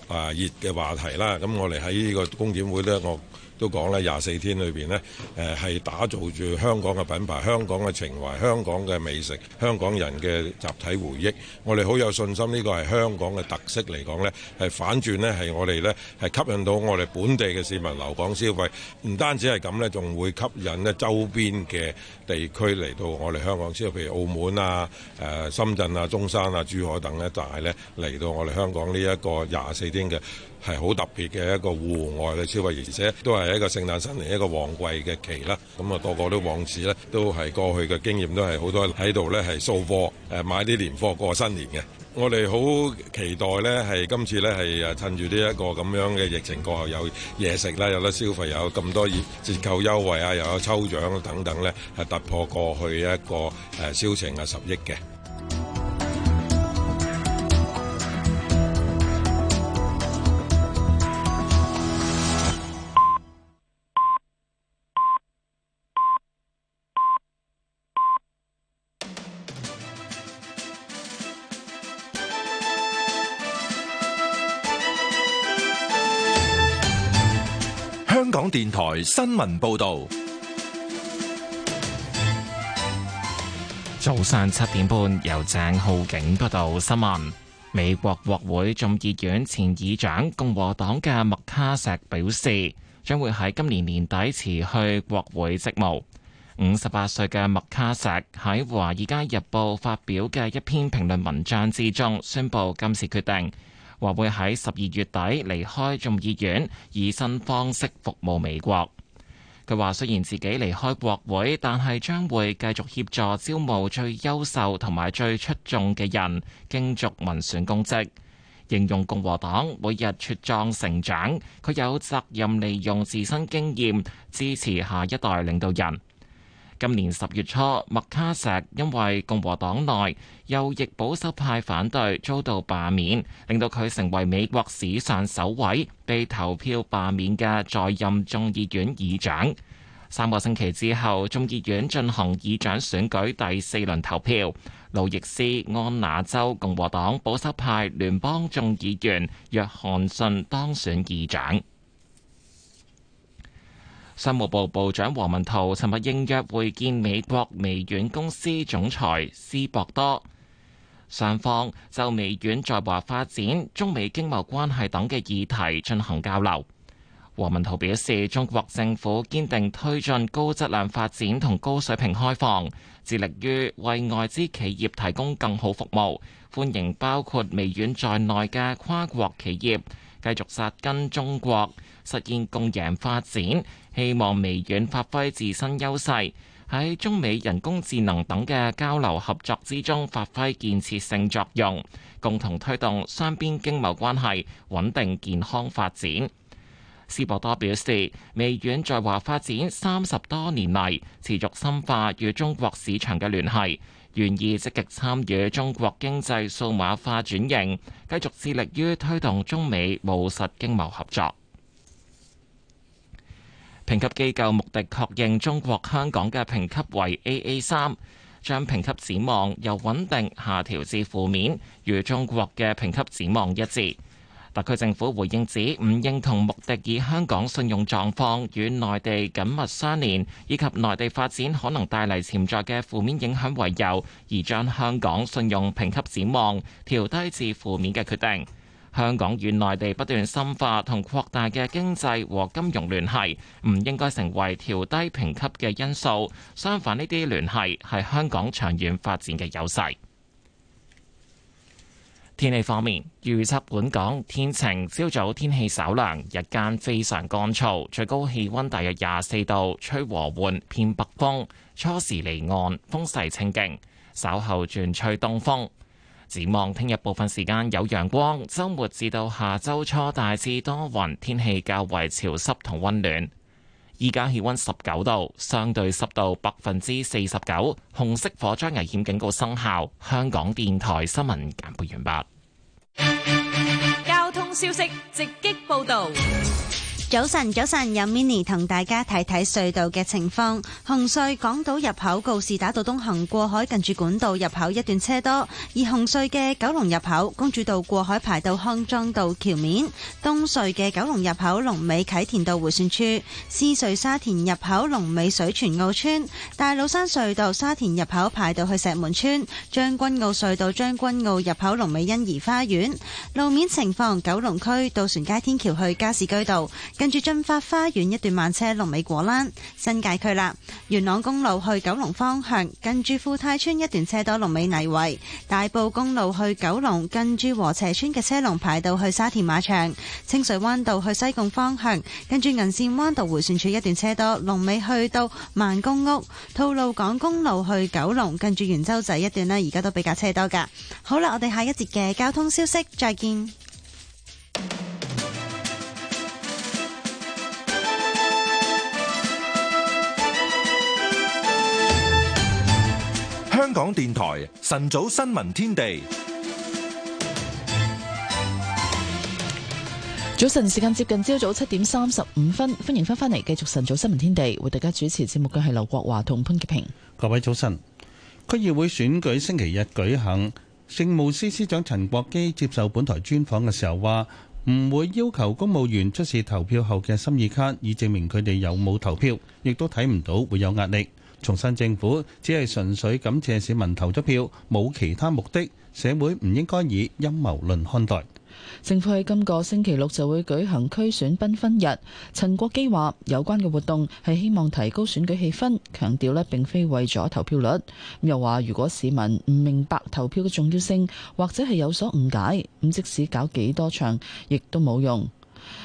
好啊熱嘅話題啦，咁我哋喺呢個公檢會咧，我。都講咧，廿四天裏邊呢誒係打造住香港嘅品牌、香港嘅情懷、香港嘅美食、香港人嘅集體回憶。我哋好有信心，呢、呢個係香港嘅特色嚟講呢係反轉呢係我哋呢係吸引到我哋本地嘅市民留港消費。唔單止係咁呢，仲會吸引呢周邊嘅地區嚟到我哋香港消費，即係譬如澳門啊、呃、深圳啊、中山啊、珠海等但呢咧，但係呢嚟到我哋香港呢一個廿四天嘅。係好特別嘅一個戶外嘅消費，而且都係一個聖誕新年一個旺季嘅期啦。咁啊，個個都旺季咧，都係過去嘅經驗都係好多喺度咧係掃貨，誒買啲年貨過新年嘅。我哋好期待咧係今次咧係誒趁住呢一個咁樣嘅疫情過後有嘢食啦，有得消費，有咁多折扣優惠啊，又有抽獎等等咧，係突破過去一個誒銷情啊十億嘅。電台新聞報道：早上七點半，由鄭浩景報道新聞。美國國會眾議院前議長共和黨嘅麥卡錫表示，將會喺今年年底辭去國會職務。五十八歲嘅麥卡錫喺《華爾街日報》發表嘅一篇評論文章之中宣布今次決定。話會喺十二月底離開眾議院，以新方式服務美國。佢話雖然自己離開國會，但係將會繼續協助招募最優秀同埋最出眾嘅人，競逐民選公職。形容共和黨每日茁壯成長，佢有責任利用自身經驗支持下一代領導人。今年十月初，麥卡錫因為共和黨內右翼保守派反對，遭到罷免，令到佢成為美國史上首位被投票罷免嘅在任眾議院議長。三個星期之後，眾議院進行議長選舉第四輪投票，路易斯安那州共和黨保守派聯邦眾議員約翰遜當選議長。商務部部長王文濤尋日應約會見美國微軟公司總裁斯博多，雙方就微軟在華發展、中美經貿關係等嘅議題進行交流。王文濤表示，中國政府堅定推進高質量發展同高水平開放，致力於為外資企業提供更好服務，歡迎包括微軟在內嘅跨國企業繼續紮根中國，實現共贏發展。希望微軟發揮自身優勢，喺中美人工智能等嘅交流合作之中發揮建設性作用，共同推動雙邊經貿關係穩定健康發展。斯博多表示，微軟在華發展三十多年嚟，持續深化與中國市場嘅聯繫。願意積極參與中國經濟數碼化轉型，繼續致力於推動中美務實經貿合作。評級機構穆迪確認中國香港嘅評級為 AA 三，將評級展望由穩定下調至負面，與中國嘅評級展望一致。特區政府回應指，唔認同穆迪以香港信用狀況與內地緊密相連，以及內地發展可能帶嚟潛在嘅負面影響為由，而將香港信用評級展望調低至負面嘅決定。香港與內地不斷深化同擴大嘅經濟和金融聯繫，唔應該成為調低評級嘅因素。相反，呢啲聯繫，係香港長遠發展嘅優勢。天氣方面，預測本港天晴，朝早天氣稍涼，日間非常乾燥，最高氣溫大約廿四度，吹和緩偏北風，初時離岸風勢清勁，稍後轉吹東風。展望聽日部分時間有陽光，周末至到下周初大致多雲，天氣較為潮濕同溫暖。依家氣溫十九度，相對濕度百分之四十九，紅色火災危險警告生效。香港電台新聞簡報完畢。交通消息直擊報道。早晨，早晨，有 Mini 同大家睇睇隧道嘅情況。紅隧港島入口告士打道東行過海近住管道入口一段車多，而紅隧嘅九龍入口公主道過海排到康莊道橋面。東隧嘅九龍入口龍尾啟田道回旋處。獅隧沙田入口龍尾水泉澳村。大老山隧道沙田入口排到去石門村。將軍澳隧道將軍澳入口龍尾欣怡花園。路面情況，九龍區渡船街天橋去加士居道，跟住駿發花園一段慢車龍尾果欄。新界區啦，元朗公路去九龍方向，近住富泰村一段車多龍尾泥圍，大埔公路去九龍，近住禾輋邨嘅車龍排到去沙田馬場，清水灣道去西貢方向，跟住銀線灣道回旋處一段車多龍尾去到孟公屋，吐露港公路去九龍，近住元洲仔一段呢，而家都比較車多噶。好啦，我哋下一節嘅交通消息，再見。港電台晨早新聞天地，早晨時間接近朝早七點三十五分，歡迎翻返嚟，繼續晨早新聞天地，為大家主持節目嘅係劉國華同潘潔平。各位早晨，區議會選舉星期日舉行，政務司司長陳國基接受本台專訪嘅時候話，唔會要求公務員出示投票後嘅心意卡，以證明佢哋有冇投票，亦都睇唔到會有壓力。重申政府只係純粹感謝市民投咗票，冇其他目的，社會唔應該以陰謀論看待。政府喺今個星期六就會舉行區選繽紛日，陳國基話有關嘅活動，係希望提高選舉氣氛，強調咧並非為咗投票率。又話如果市民唔明白投票嘅重要性，或者係有所誤解，咁即使搞幾多場亦都冇用。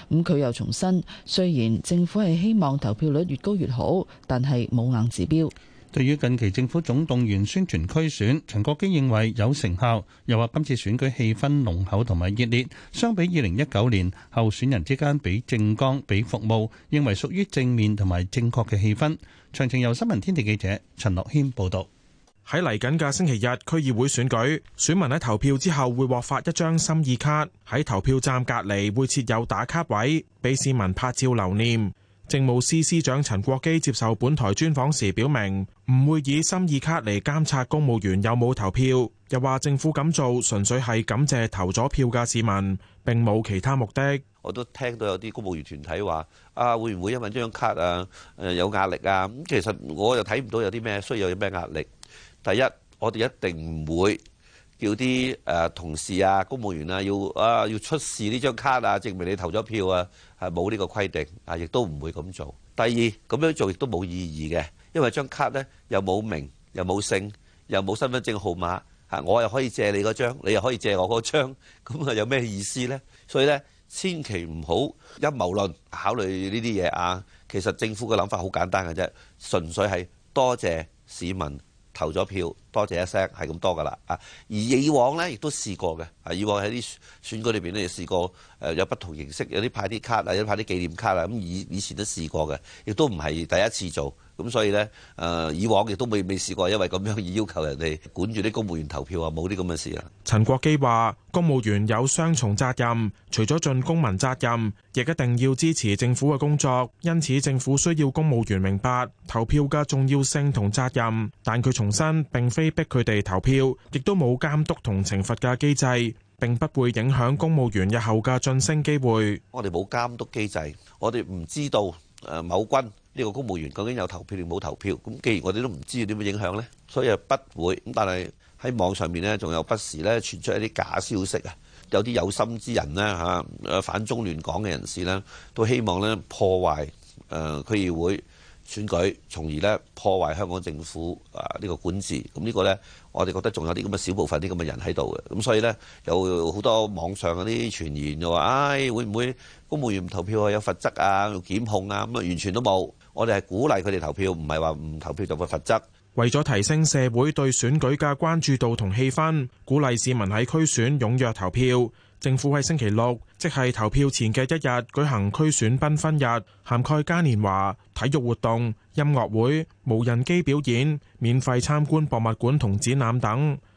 咁佢、嗯、又重申，雖然政府係希望投票率越高越好，但係冇硬指標。對於近期政府總動員宣傳區選，陳國基認為有成效，又話今次選舉氣氛濃厚同埋熱烈，相比二零一九年候選人之間比政綱比服務，認為屬於正面同埋正確嘅氣氛。詳情由新聞天地記者陳樂謙報道。喺嚟緊嘅星期日區議會選舉，選民喺投票之後會獲發一張心意卡，喺投票站隔籬會設有打卡位，俾市民拍照留念。政務司司長陳國基接受本台專訪時表明，唔會以心意卡嚟監察公務員有冇投票，又話政府咁做純粹係感謝投咗票嘅市民，並冇其他目的。我都聽到有啲公務員團體話，啊會唔會因為張卡啊誒有壓力啊？咁其實我又睇唔到有啲咩需要，有咩壓力。第一，我哋一定唔會叫啲誒同事啊、公務員啊，要啊要出示呢張卡啊，證明你投咗票啊，係冇呢個規定啊，亦都啊唔會咁做。第二，咁樣做亦都冇意義嘅，因為張卡呢，又冇名，又冇姓，又冇身份證號碼，嚇我又可以借你嗰張，你又可以借我嗰張，咁啊有咩意思呢？所以呢，千祈唔好陰謀論考慮呢啲嘢啊。其實政府嘅諗法好簡單嘅啫，純粹係多謝市民。投咗票，多謝一聲，係咁多噶啦啊！而以往呢，亦都試過嘅啊，以往喺啲選舉裏邊呢，亦試過誒有不同形式，有啲派啲卡啊，有啲派啲紀念卡啊，咁以以前都試過嘅，亦都唔係第一次做。咁所以咧，誒以往亦都未未試過，因為咁樣要求人哋管住啲公務員投票啊，冇啲咁嘅事啊。陳國基話，公務員有雙重責任，除咗盡公民責任，亦一定要支持政府嘅工作。因此，政府需要公務員明白投票嘅重要性同責任。但佢重申，並非逼佢哋投票，亦都冇監督同懲罰嘅機制，並不會影響公務員日後嘅晉升機會。我哋冇監督機制，我哋唔知道誒某君。呢個公務員究竟有投票定冇投票？咁既然我哋都唔知點樣影響呢，所以啊不會。咁但係喺網上面呢，仲有不時咧傳出一啲假消息啊，有啲有心之人呢，嚇，誒反中亂港嘅人士呢，都希望呢破壞誒區議會選舉，從而呢破壞香港政府啊呢個管治。咁呢個呢，我哋覺得仲有啲咁嘅小部分啲咁嘅人喺度嘅。咁所以呢，有好多網上嗰啲傳言就話，唉，會唔會公務員唔投票啊有罰則啊、檢控啊？咁啊完全都冇。我哋係鼓勵佢哋投票，唔係話唔投票咁嘅罰則。為咗提升社會對選舉嘅關注度同氣氛，鼓勵市民喺區選踴躍投票，政府喺星期六，即係投票前嘅一日舉行區選繽紛日，涵蓋嘉年華、體育活動、音樂會、無人機表演、免費參觀博物館同展覽等。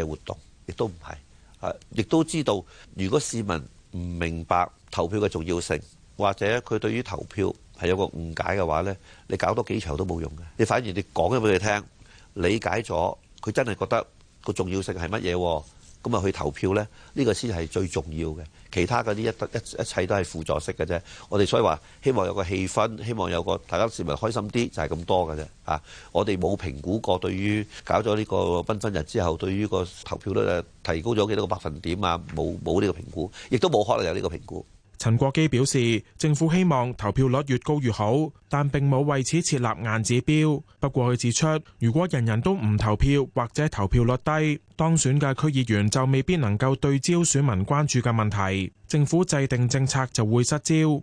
嘅活動亦都唔係，啊，亦都知道如果市民唔明白投票嘅重要性，或者佢對於投票係有個誤解嘅話呢，你搞多幾場都冇用嘅。你反而你講咗俾佢聽，理解咗，佢真係覺得個重要性係乜嘢？咁啊，去投票呢？呢、呢個先係最重要嘅，其他嗰啲一一一切都係輔助式嘅啫。我哋所以話希望有個氣氛，希望有個大家市民開心啲，就係、係、咁多嘅啫。啊，我哋冇評估過對於搞咗呢個繽紛日之後，對於個投票率提高咗幾多個百分點啊，冇冇呢個評估，亦都冇可能有呢個評估。陳國基表示，政府希望投票率越高越好，但並冇為此設立硬指標。不過佢指出，如果人人都唔投票或者投票率低，當選嘅區議員就未必能夠對焦選民關注嘅問題，政府制定政策就會失焦。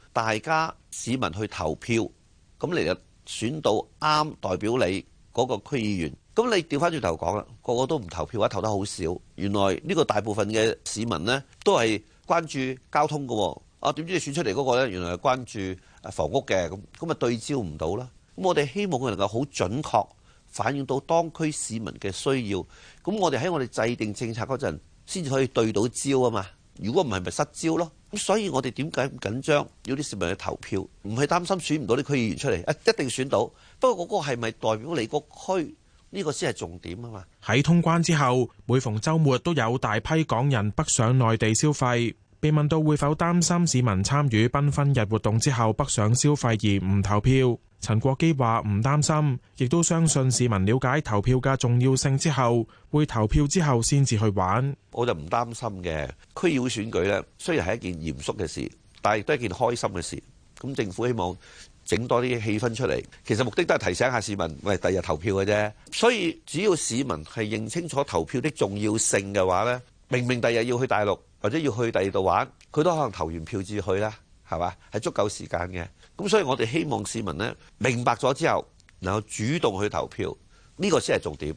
大家市民去投票，咁你就選到啱代表你嗰個區議員，咁你調翻轉頭講啦，個個都唔投票嘅話，或投得好少。原來呢個大部分嘅市民呢，都係關注交通嘅喎。啊，點知你選出嚟嗰個呢，原來係關注房屋嘅，咁咁咪對焦唔到啦。咁我哋希望佢能夠好準確反映到當區市民嘅需要。咁我哋喺我哋制定政策嗰陣，先至可以對到焦啊嘛。如果唔係，咪失焦咯。咁所以我哋點解咁緊張？要啲市民去投票，唔係擔心選唔到啲區議員出嚟，一定選到。不過嗰個係咪代表你個區？呢個先係重點啊嘛。喺通關之後，每逢週末都有大批港人北上內地消費。被問到會否擔心市民參與繽紛日活動之後北上消費而唔投票，陳國基話唔擔心，亦都相信市民了解投票嘅重要性之後會投票之後先至去玩。我就唔擔心嘅。區議會選舉咧，雖然係一件嚴肅嘅事，但係亦都係一件開心嘅事。咁政府希望整多啲氣氛出嚟。其實目的都係提醒下市民，喂，第日投票嘅啫。所以只要市民係認清楚投票的重要性嘅話呢，明明第日要去大陸，或者要去第二度玩，佢都可能投完票至去啦，係嘛？係足夠時間嘅。咁所以我哋希望市民呢，明白咗之後，能夠主動去投票，呢個先係重點。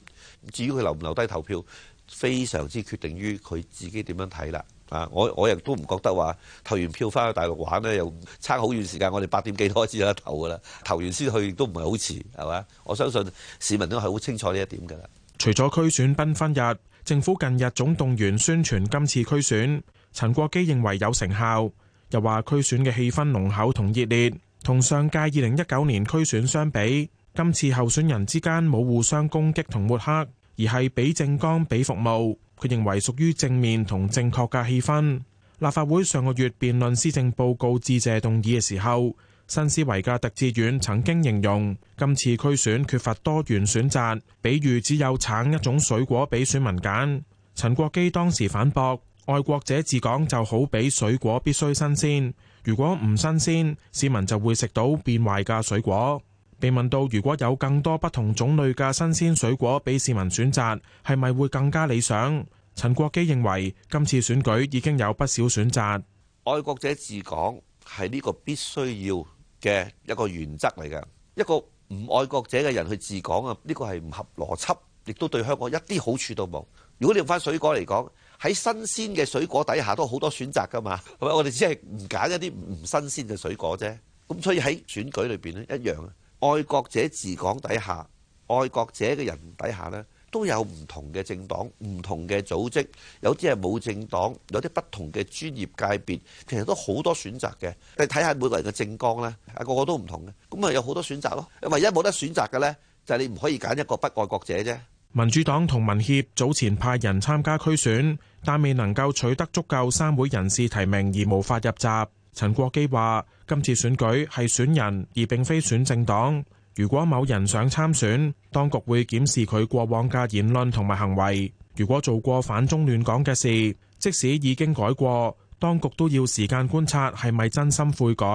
至於佢留唔留低投票，非常之決定於佢自己點樣睇啦。啊，我我亦都唔覺得話投完票翻去大陸玩呢，又差好遠時間，我哋八點幾開始有得投噶啦，投完先去都唔係好遲，係嘛？我相信市民都係好清楚呢一點噶啦。除咗區選繽紛日。政府近日總動員宣傳今次區選，陳國基認為有成效，又話區選嘅氣氛濃厚同熱烈，同上屆二零一九年區選相比，今次候選人之間冇互相攻擊同抹黑，而係比政綱比服務，佢認為屬於正面同正確嘅氣氛。立法會上個月辯論施政報告致謝動議嘅時候。新思維嘅狄志遠曾經形容今次區選缺乏多元選擇，比如只有橙一種水果俾選民揀。陳國基當時反駁，愛國者治港就好比水果必須新鮮。如果唔新鮮，市民就會食到變壞嘅水果。被問到如果有更多不同種類嘅新鮮水果俾市民選擇，係咪會更加理想？陳國基認為今次選舉已經有不少選擇。愛國者治港係呢個必須要。嘅一個原則嚟㗎，一個唔愛國者嘅人去治港啊，呢個係唔合邏輯，亦都對香港一啲好處都冇。如果你用翻水果嚟講，喺新鮮嘅水果底下都有好多選擇噶嘛，係咪？我哋只係唔揀一啲唔新鮮嘅水果啫。咁所以喺選舉裏邊咧一樣啊，愛國者治港底下，愛國者嘅人底下呢。都有唔同嘅政黨、唔同嘅組織，有啲係冇政黨，有啲不同嘅專業界別，其實都好多選擇嘅。你睇下每個人嘅政綱呢，個個都唔同嘅，咁啊有好多選擇咯。唯一冇得選擇嘅呢，就係你唔可以揀一個不愛國者啫。民主黨同民協早前派人參加區選，但未能夠取得足夠三會人士提名而無法入閘。陳國基話：今次選舉係選人，而並非選政黨。如果某人想參選，當局會檢視佢過往嘅言論同埋行為。如果做過反中亂港嘅事，即使已經改過，當局都要時間觀察係咪真心悔改。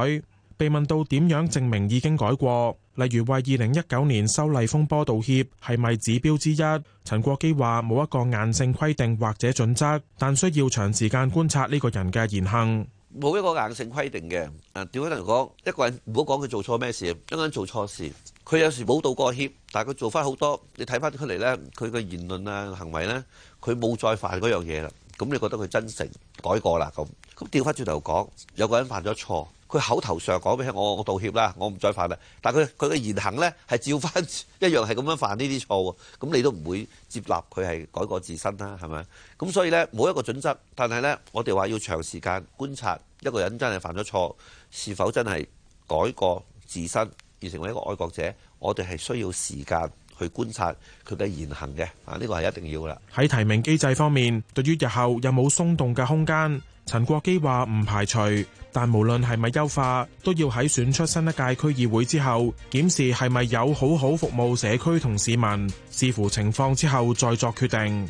被問到點樣證明已經改過，例如為二零一九年修例風波道歉，係咪指標之一？陳國基話冇一個硬性規定或者準則，但需要長時間觀察呢個人嘅言行。冇一個硬性規定嘅，啊，調翻轉頭講，一個人唔好講佢做錯咩事，一間做錯事，佢有時冇道過歉，但係佢做翻好多，你睇翻出嚟咧，佢嘅言論啊行為咧，佢冇再犯嗰樣嘢啦，咁你覺得佢真誠改過啦咁，咁調翻轉頭講，有個人犯咗錯。佢口頭上講俾我我道歉啦，我唔再犯啦。但係佢佢嘅言行呢，係照翻一樣係咁樣犯呢啲錯喎。咁你都唔會接納佢係改過自身啦，係咪？咁所以呢，冇一個準則，但係呢，我哋話要長時間觀察一個人真係犯咗錯，是否真係改過自身，而成為一個愛國者？我哋係需要時間去觀察佢嘅言行嘅。啊，呢個係一定要噶啦。喺提名機制方面，對於日後有冇鬆動嘅空間？陳國基話唔排除，但無論係咪優化，都要喺選出新一屆區議會之後，檢視係咪有好好服務社區同市民，視乎情況之後再作決定。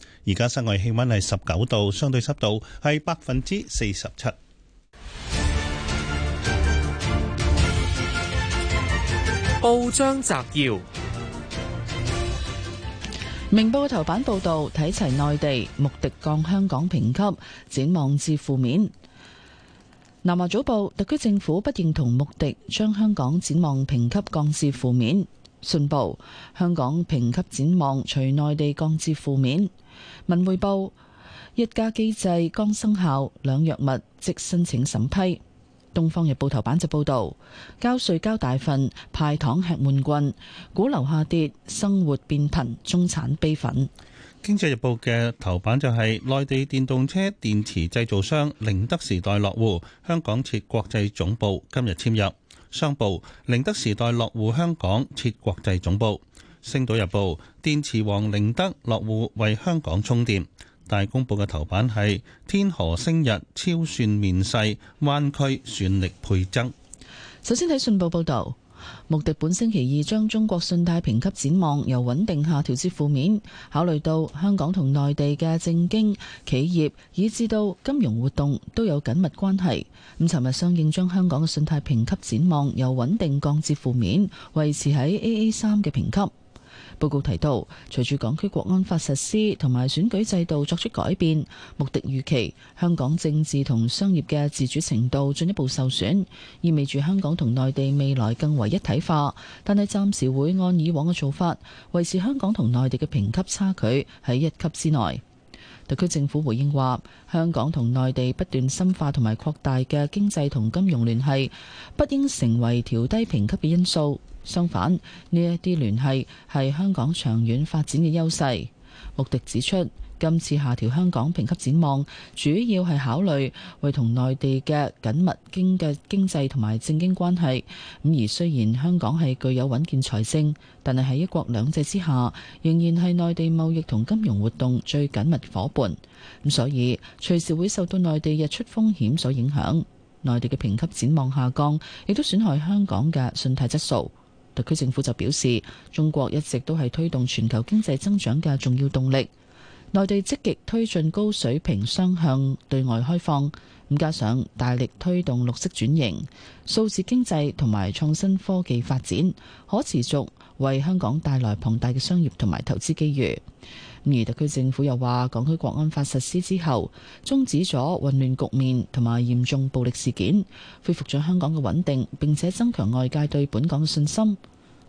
而家室外氣溫係十九度，相對濕度係百分之四十七。報章摘要：明報嘅頭版報道睇齊內地穆迪降香港評級展望至負面。南華早報特區政府不認同穆迪將香港展望評級降至負面。信報：香港評級展望隨內地降至負面。文匯報：一加機制剛生效，兩藥物即申請審批。《東方日報》頭版就報導：交稅交大份，派糖吃悶棍，股樓下跌，生活變貧，中產悲憤。《經濟日報》嘅頭版就係內地電動車電池製造商寧德時代落戶香港設國際總部，今日簽約。商報寧德時代落戶香港設國際總部，星島日報電池王寧德落戶為香港充電。大公報嘅頭版係天河星日超算面世，灣區算力倍增。首先睇信報報道。穆迪本星期二將中國信貸評級展望由穩定下調至負面，考慮到香港同內地嘅政經企業以至到金融活動都有緊密關係，咁尋日相應將香港嘅信貸評級展望由穩定降至負面，維持喺 AA 三嘅評級。報告提到，隨住港區國安法實施同埋選舉制度作出改變，穆迪預期香港政治同商業嘅自主程度進一步受損，意味住香港同內地未來更為一體化。但係暫時會按以往嘅做法，維持香港同內地嘅評級差距喺一級之內。特區政府回應話，香港同內地不斷深化同埋擴大嘅經濟同金融聯繫，不應成為調低評級嘅因素。相反，呢一啲聯繫係香港長遠發展嘅優勢。穆迪指出。今次下調香港評級展望，主要係考慮為同內地嘅緊密經嘅經濟同埋政經關係，咁而雖然香港係具有穩健財政，但係喺一國兩制之下，仍然係內地貿易同金融活動最緊密夥伴。咁所以隨時會受到內地日出風險所影響，內地嘅評級展望下降，亦都損害香港嘅信貸質素。特區政府就表示，中國一直都係推動全球經濟增長嘅重要動力。內地積極推進高水平雙向對外開放，咁加上大力推動綠色轉型、數字經濟同埋創新科技發展，可持續為香港帶來龐大嘅商業同埋投資機遇。而特區政府又話，港區國安法實施之後，終止咗混亂局面同埋嚴重暴力事件，恢復咗香港嘅穩定，並且增強外界對本港嘅信心。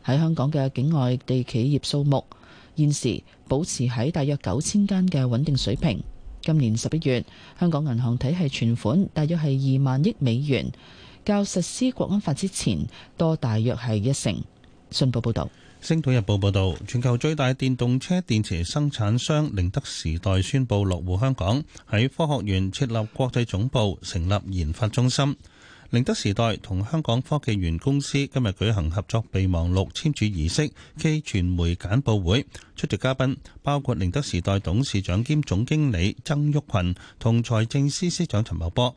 喺香港嘅境外地企業數目，現時保持喺大約九千間嘅穩定水平。今年十一月，香港銀行體系存款大約係二萬億美元，較實施國安法之前多大約係一成。信報報導，《星島日報》報道，全球最大電動車電池生產商寧德時代宣布落戶香港，喺科學園設立國際總部，成立研發中心。寧德時代同香港科技園公司今日舉行合作備忘錄簽署儀式暨傳媒簡報會，出席嘉賓包括寧德時代董事長兼總經理曾毓群同財政司司長陳茂波。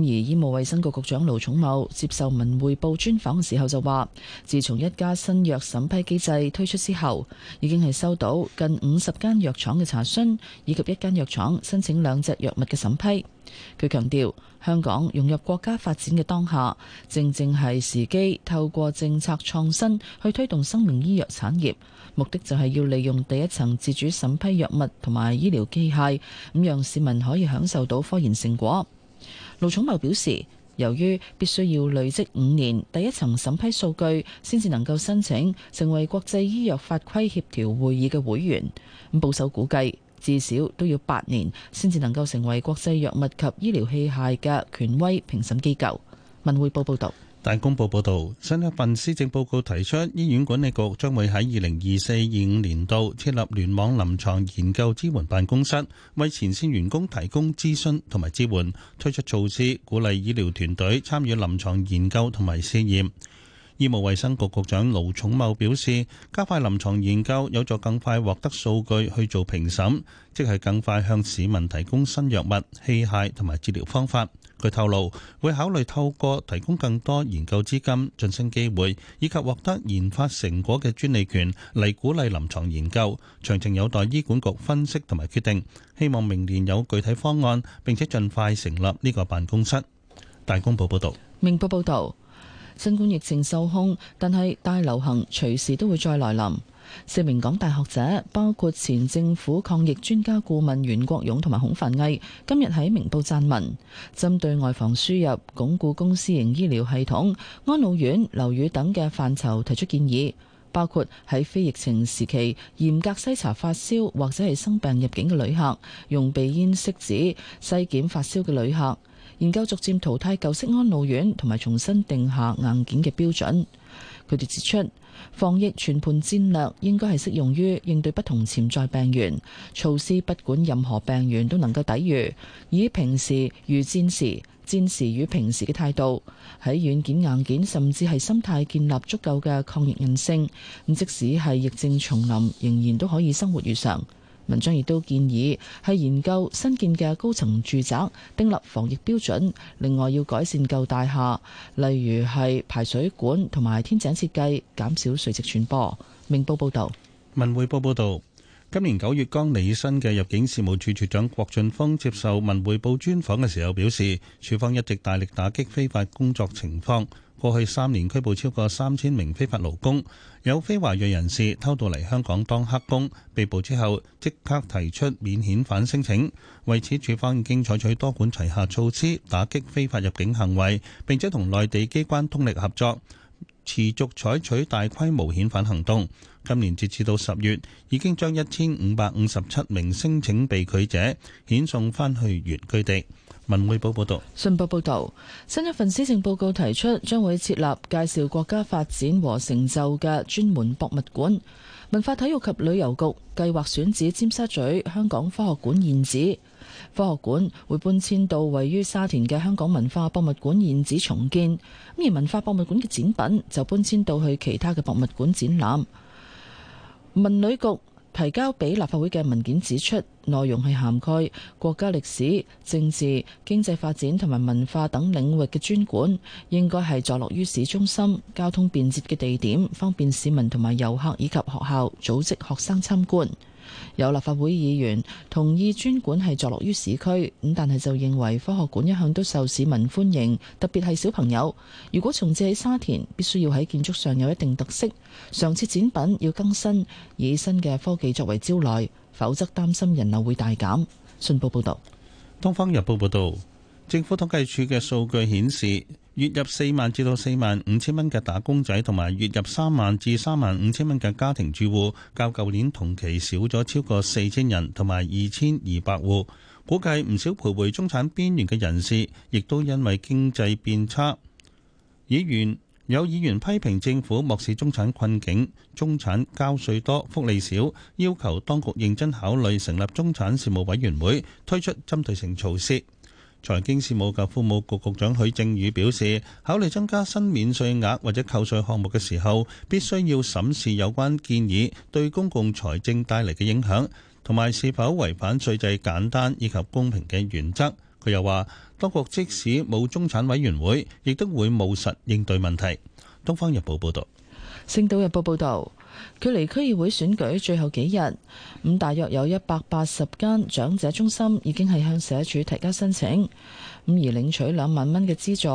而醫務衛生局局長盧寵茂接受《文匯報》專訪嘅時候就話，自從一家新藥審批機制推出之後，已經係收到近五十間藥廠嘅查詢，以及一間藥廠申請兩隻藥物嘅審批。佢強調，香港融入國家發展嘅當下，正正係時機，透過政策創新去推動生命醫藥產業，目的就係要利用第一層自主審批藥物同埋醫療機械，咁讓市民可以享受到科研成果。盧寵茂表示，由於必須要累積五年第一層審批數據，先至能夠申請成為國際醫藥法規協調會議嘅會員。咁保守估計，至少都要八年，先至能夠成為國際藥物及醫療器械嘅權威評審機構。文匯報報導。大公報報導，新一份施政報告提出，醫院管理局將會喺二零二四、二五年度設立聯網臨床研究支援辦公室，為前線員工提供諮詢同埋支援，推出措施鼓勵醫療團隊參與臨床研究同埋試驗。醫務衛生局局長盧寵茂表示，加快臨床研究有助更快獲得數據去做評審，即係更快向市民提供新藥物、器械同埋治療方法。佢透露，會考慮透過提供更多研究資金、晉升機會以及獲得研發成果嘅專利權嚟鼓勵臨床研究，詳情有待醫管局分析同埋決定。希望明年有具體方案，並且盡快成立呢個辦公室。大公報報道，明報報道，新冠疫情受控，但係大流行隨時都會再來臨。四名港大學者，包括前政府抗疫專家顧問袁國勇同埋孔繁毅，今日喺《明報》撰文，針對外防輸入、鞏固公私營醫療系統、安老院、樓宇等嘅範疇提出建議，包括喺非疫情時期嚴格篩查發燒或者係生病入境嘅旅客，用鼻咽拭子篩檢發燒嘅旅客，研究逐漸淘汰舊式安老院，同埋重新定下硬件嘅標準。佢哋指出。防疫全盤戰略應該係適用於應對不同潛在病原，措施不管任何病原都能夠抵禦。以平時如戰時、戰時與平時嘅態度，喺軟件硬件甚至係心態建立足夠嘅抗疫韌性，即使係疫症重臨，仍然都可以生活如常。文章亦都建議係研究新建嘅高層住宅，訂立防疫標準；另外要改善舊大廈，例如係排水管同埋天井設計，減少垂直傳播。明報報道。文匯報報道，今年九月剛離任嘅入境事務處處長郭俊峰接受文匯報專訪嘅時候表示，處方一直大力打擊非法工作情況。過去三年拘捕超過三千名非法勞工，有非華裔人士偷渡嚟香港當黑工，被捕之後即刻提出免遣返申請。為此，處方已經採取多管齊下措施，打擊非法入境行為，並且同內地機關通力合作，持續採取大規模遣返行動。今年截至到十月，已經將一千五百五十七名申請被拒者遣送翻去原居地。文匯報報道，信報報道，新一份施政報告提出將會設立介紹國家發展和成就嘅專門博物館。文化體育及旅遊局計劃選址尖沙咀香港科學館現址，科學館會搬遷到位於沙田嘅香港文化博物館現址重建，咁而文化博物館嘅展品就搬遷到去其他嘅博物館展覽。文旅局。提交俾立法會嘅文件指出，內容係涵蓋國家歷史、政治、經濟發展同埋文化等領域嘅專管，應該係坐落於市中心、交通便捷嘅地點，方便市民同埋遊客以及學校組織學生參觀。有立法會議員同意專管係坐落於市區，咁但係就認為科學館一向都受市民歡迎，特別係小朋友。如果重置喺沙田，必須要喺建築上有一定特色，常設展品要更新，以新嘅科技作為招來，否則擔心人流會大減。信報報導，《東方日報》報道：政府統計處嘅數據顯示，月入四萬至到四萬五千蚊嘅打工仔，同埋月入三萬至三萬五千蚊嘅家庭住戶，較舊年同期少咗超過四千人，同埋二千二百戶。估計唔少徘徊中產邊緣嘅人士，亦都因為經濟變差。議員有議員批評政府漠視中產困境，中產交稅多，福利少，要求當局認真考慮成立中產事務委員會，推出針對性措施。財經事務及庫務局局長許正宇表示，考慮增加新免稅額或者扣稅項目嘅時候，必須要審視有關建議對公共財政帶嚟嘅影響，同埋是否違反稅制簡單以及公平嘅原則。佢又話，當局即使冇中產委員會，亦都會務實應對問題。東方日報報道。星島日報報道。距離區議會選舉最後幾日，咁大約有一百八十間長者中心已經係向社署提交申請，咁而領取兩萬蚊嘅資助，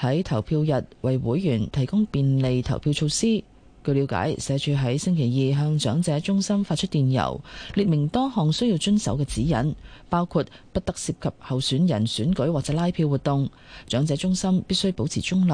喺投票日為會員提供便利投票措施。據了解，社署喺星期二向長者中心發出電郵，列明多項需要遵守嘅指引，包括不得涉及候選人選舉或者拉票活動，長者中心必須保持中立，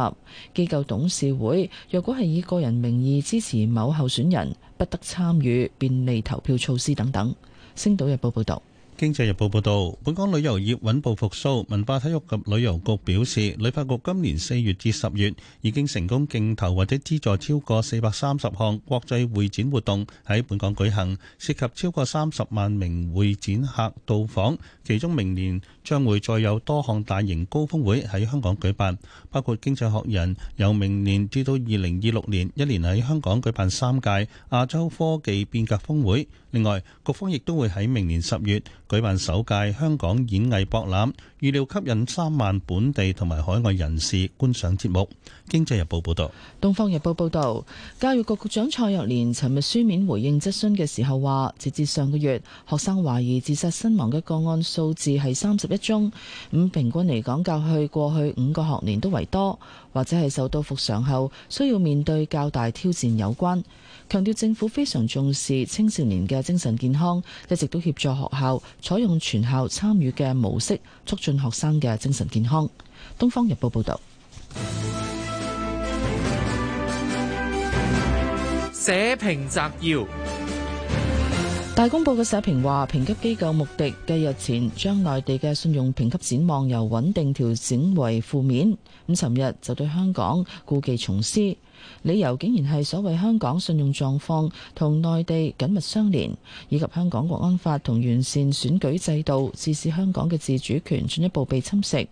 機構董事會若果係以個人名義支持某候選人，不得參與便利投票措施等等。星島日報報道。經濟日報報導，本港旅遊業穩步復甦。文化體育及旅遊局表示，旅發局今年四月至十月已經成功競投或者資助超過四百三十項國際會展活動喺本港舉行，涉及超過三十萬名會展客到訪。其中明年將會再有多項大型高峰會喺香港舉辦，包括經濟學人由明年至到二零二六年，一年喺香港舉辦三屆亞洲科技變革峰會。另外，局方亦都會喺明年十月，舉辦首屆香港演藝博覽，預料吸引三萬本地同埋海外人士觀賞節目。經濟日報報導。東方日報報導，教育局局長蔡若蓮尋日書面回應質詢嘅時候話，截至上個月，學生懷疑自殺身亡嘅個案數字係三十一宗，咁平均嚟講較去過去五個學年都為多，或者係受到復常後需要面對較大挑戰有關。強調政府非常重視青少年嘅精神健康，一直都協助學校採用全校參與嘅模式，促進學生嘅精神健康。東方日報報道。社評摘要：大公報嘅社評話，評級機構穆迪繼日前將內地嘅信用評級展望由穩定調整為負面，咁尋日就對香港故技重施。理由竟然係所謂香港信用狀況同內地緊密相連，以及香港國安法同完善選舉制度，致使香港嘅自主權進一步被侵蝕。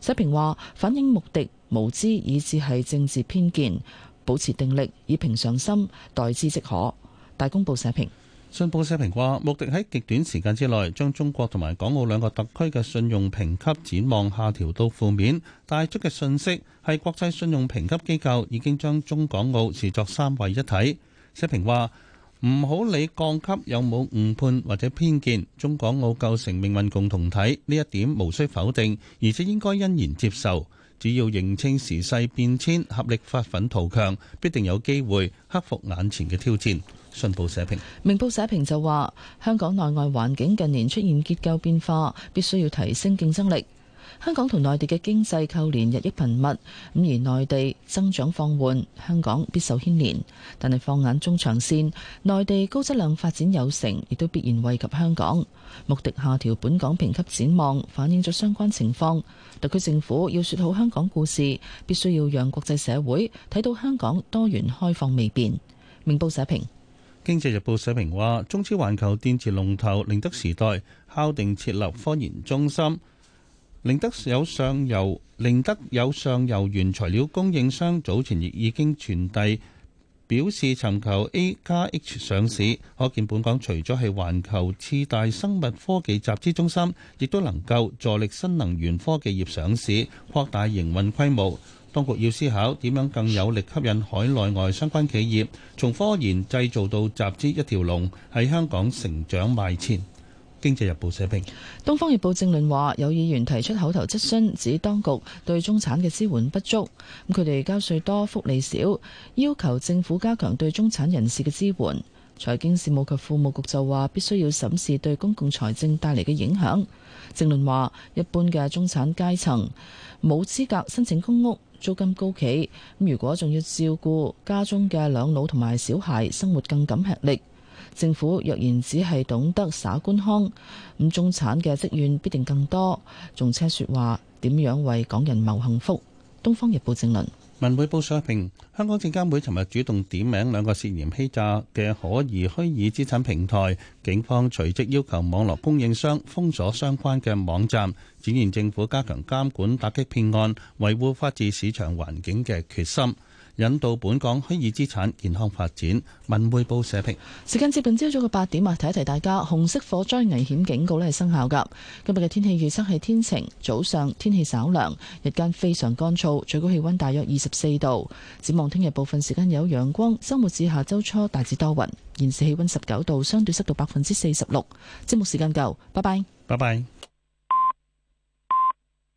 社評話反映目的無知，以至係政治偏見，保持定力，以平常心待之即可。大公報社評。信報社評話，目的喺極短時間之內將中國同埋港澳兩個特區嘅信用評級展望下調到負面，帶出嘅信息係國際信用評級機構已經將中港澳視作三位一體。社評話，唔好理降級有冇誤判或者偏見，中港澳構成命運共同體，呢一點無需否定，而且應該欣然接受。只要認清時勢變遷，合力發奮圖強，必定有機會克服眼前嘅挑戰。信報社評，明報社評就話：香港內外環境近年出現結構變化，必須要提升競爭力。香港同內地嘅經濟扣連日益頻密，咁而內地增長放緩，香港必受牽連。但係放眼中長線，內地高質量發展有成，亦都必然惠及香港。穆迪下調本港評級展望，反映咗相關情況。特區政府要説好香港故事，必須要讓國際社會睇到香港多元開放未變。明報社評，《經濟日報》社評話：中資環球電池龍頭寧德時代敲定設立科研中心。寧德有上游，寧德有上游原材料供應商早前亦已經傳遞表示尋求 A 加 H 上市，可見本港除咗係環球次大生物科技集資中心，亦都能夠助力新能源科技業上市，擴大營運規模。當局要思考點樣更有力吸引海內外相關企業從科研製造到集資一條龍，喺香港成長賣錢。經濟日報社評，東方日報政論話，有議員提出口頭質詢，指當局對中產嘅支援不足，咁佢哋交稅多，福利少，要求政府加強對中產人士嘅支援。財經事務及庫務局就話，必須要審視對公共財政帶嚟嘅影響。政論話，一般嘅中產階層冇資格申請公屋，租金高企，如果仲要照顧家中嘅兩老同埋小孩，生活更感吃力。政府若然只係懂得耍官腔，咁中產嘅職怨必定更多。仲車說話點樣為港人謀幸福？《東方日報》正論，《文匯報》社評：香港證監會尋日主動點名兩個涉嫌欺詐嘅可疑虛擬資產平台，警方隨即要求網絡供應商封鎖相關嘅網站，展現政府加強監管、打擊騙案、維護法治市場環境嘅決心。引導本港虛擬資產健康發展。文匯報社評。時間接近朝早嘅八點啊，提一提大家紅色火災危險警告咧係生效噶。今日嘅天氣預測係天晴，早上天氣稍涼，日間非常乾燥，最高氣溫大約二十四度。展望聽日，部分時間有陽光，周末至下周初大致多雲。現時氣溫十九度，相對濕度百分之四十六。節目時間夠，拜拜，拜拜。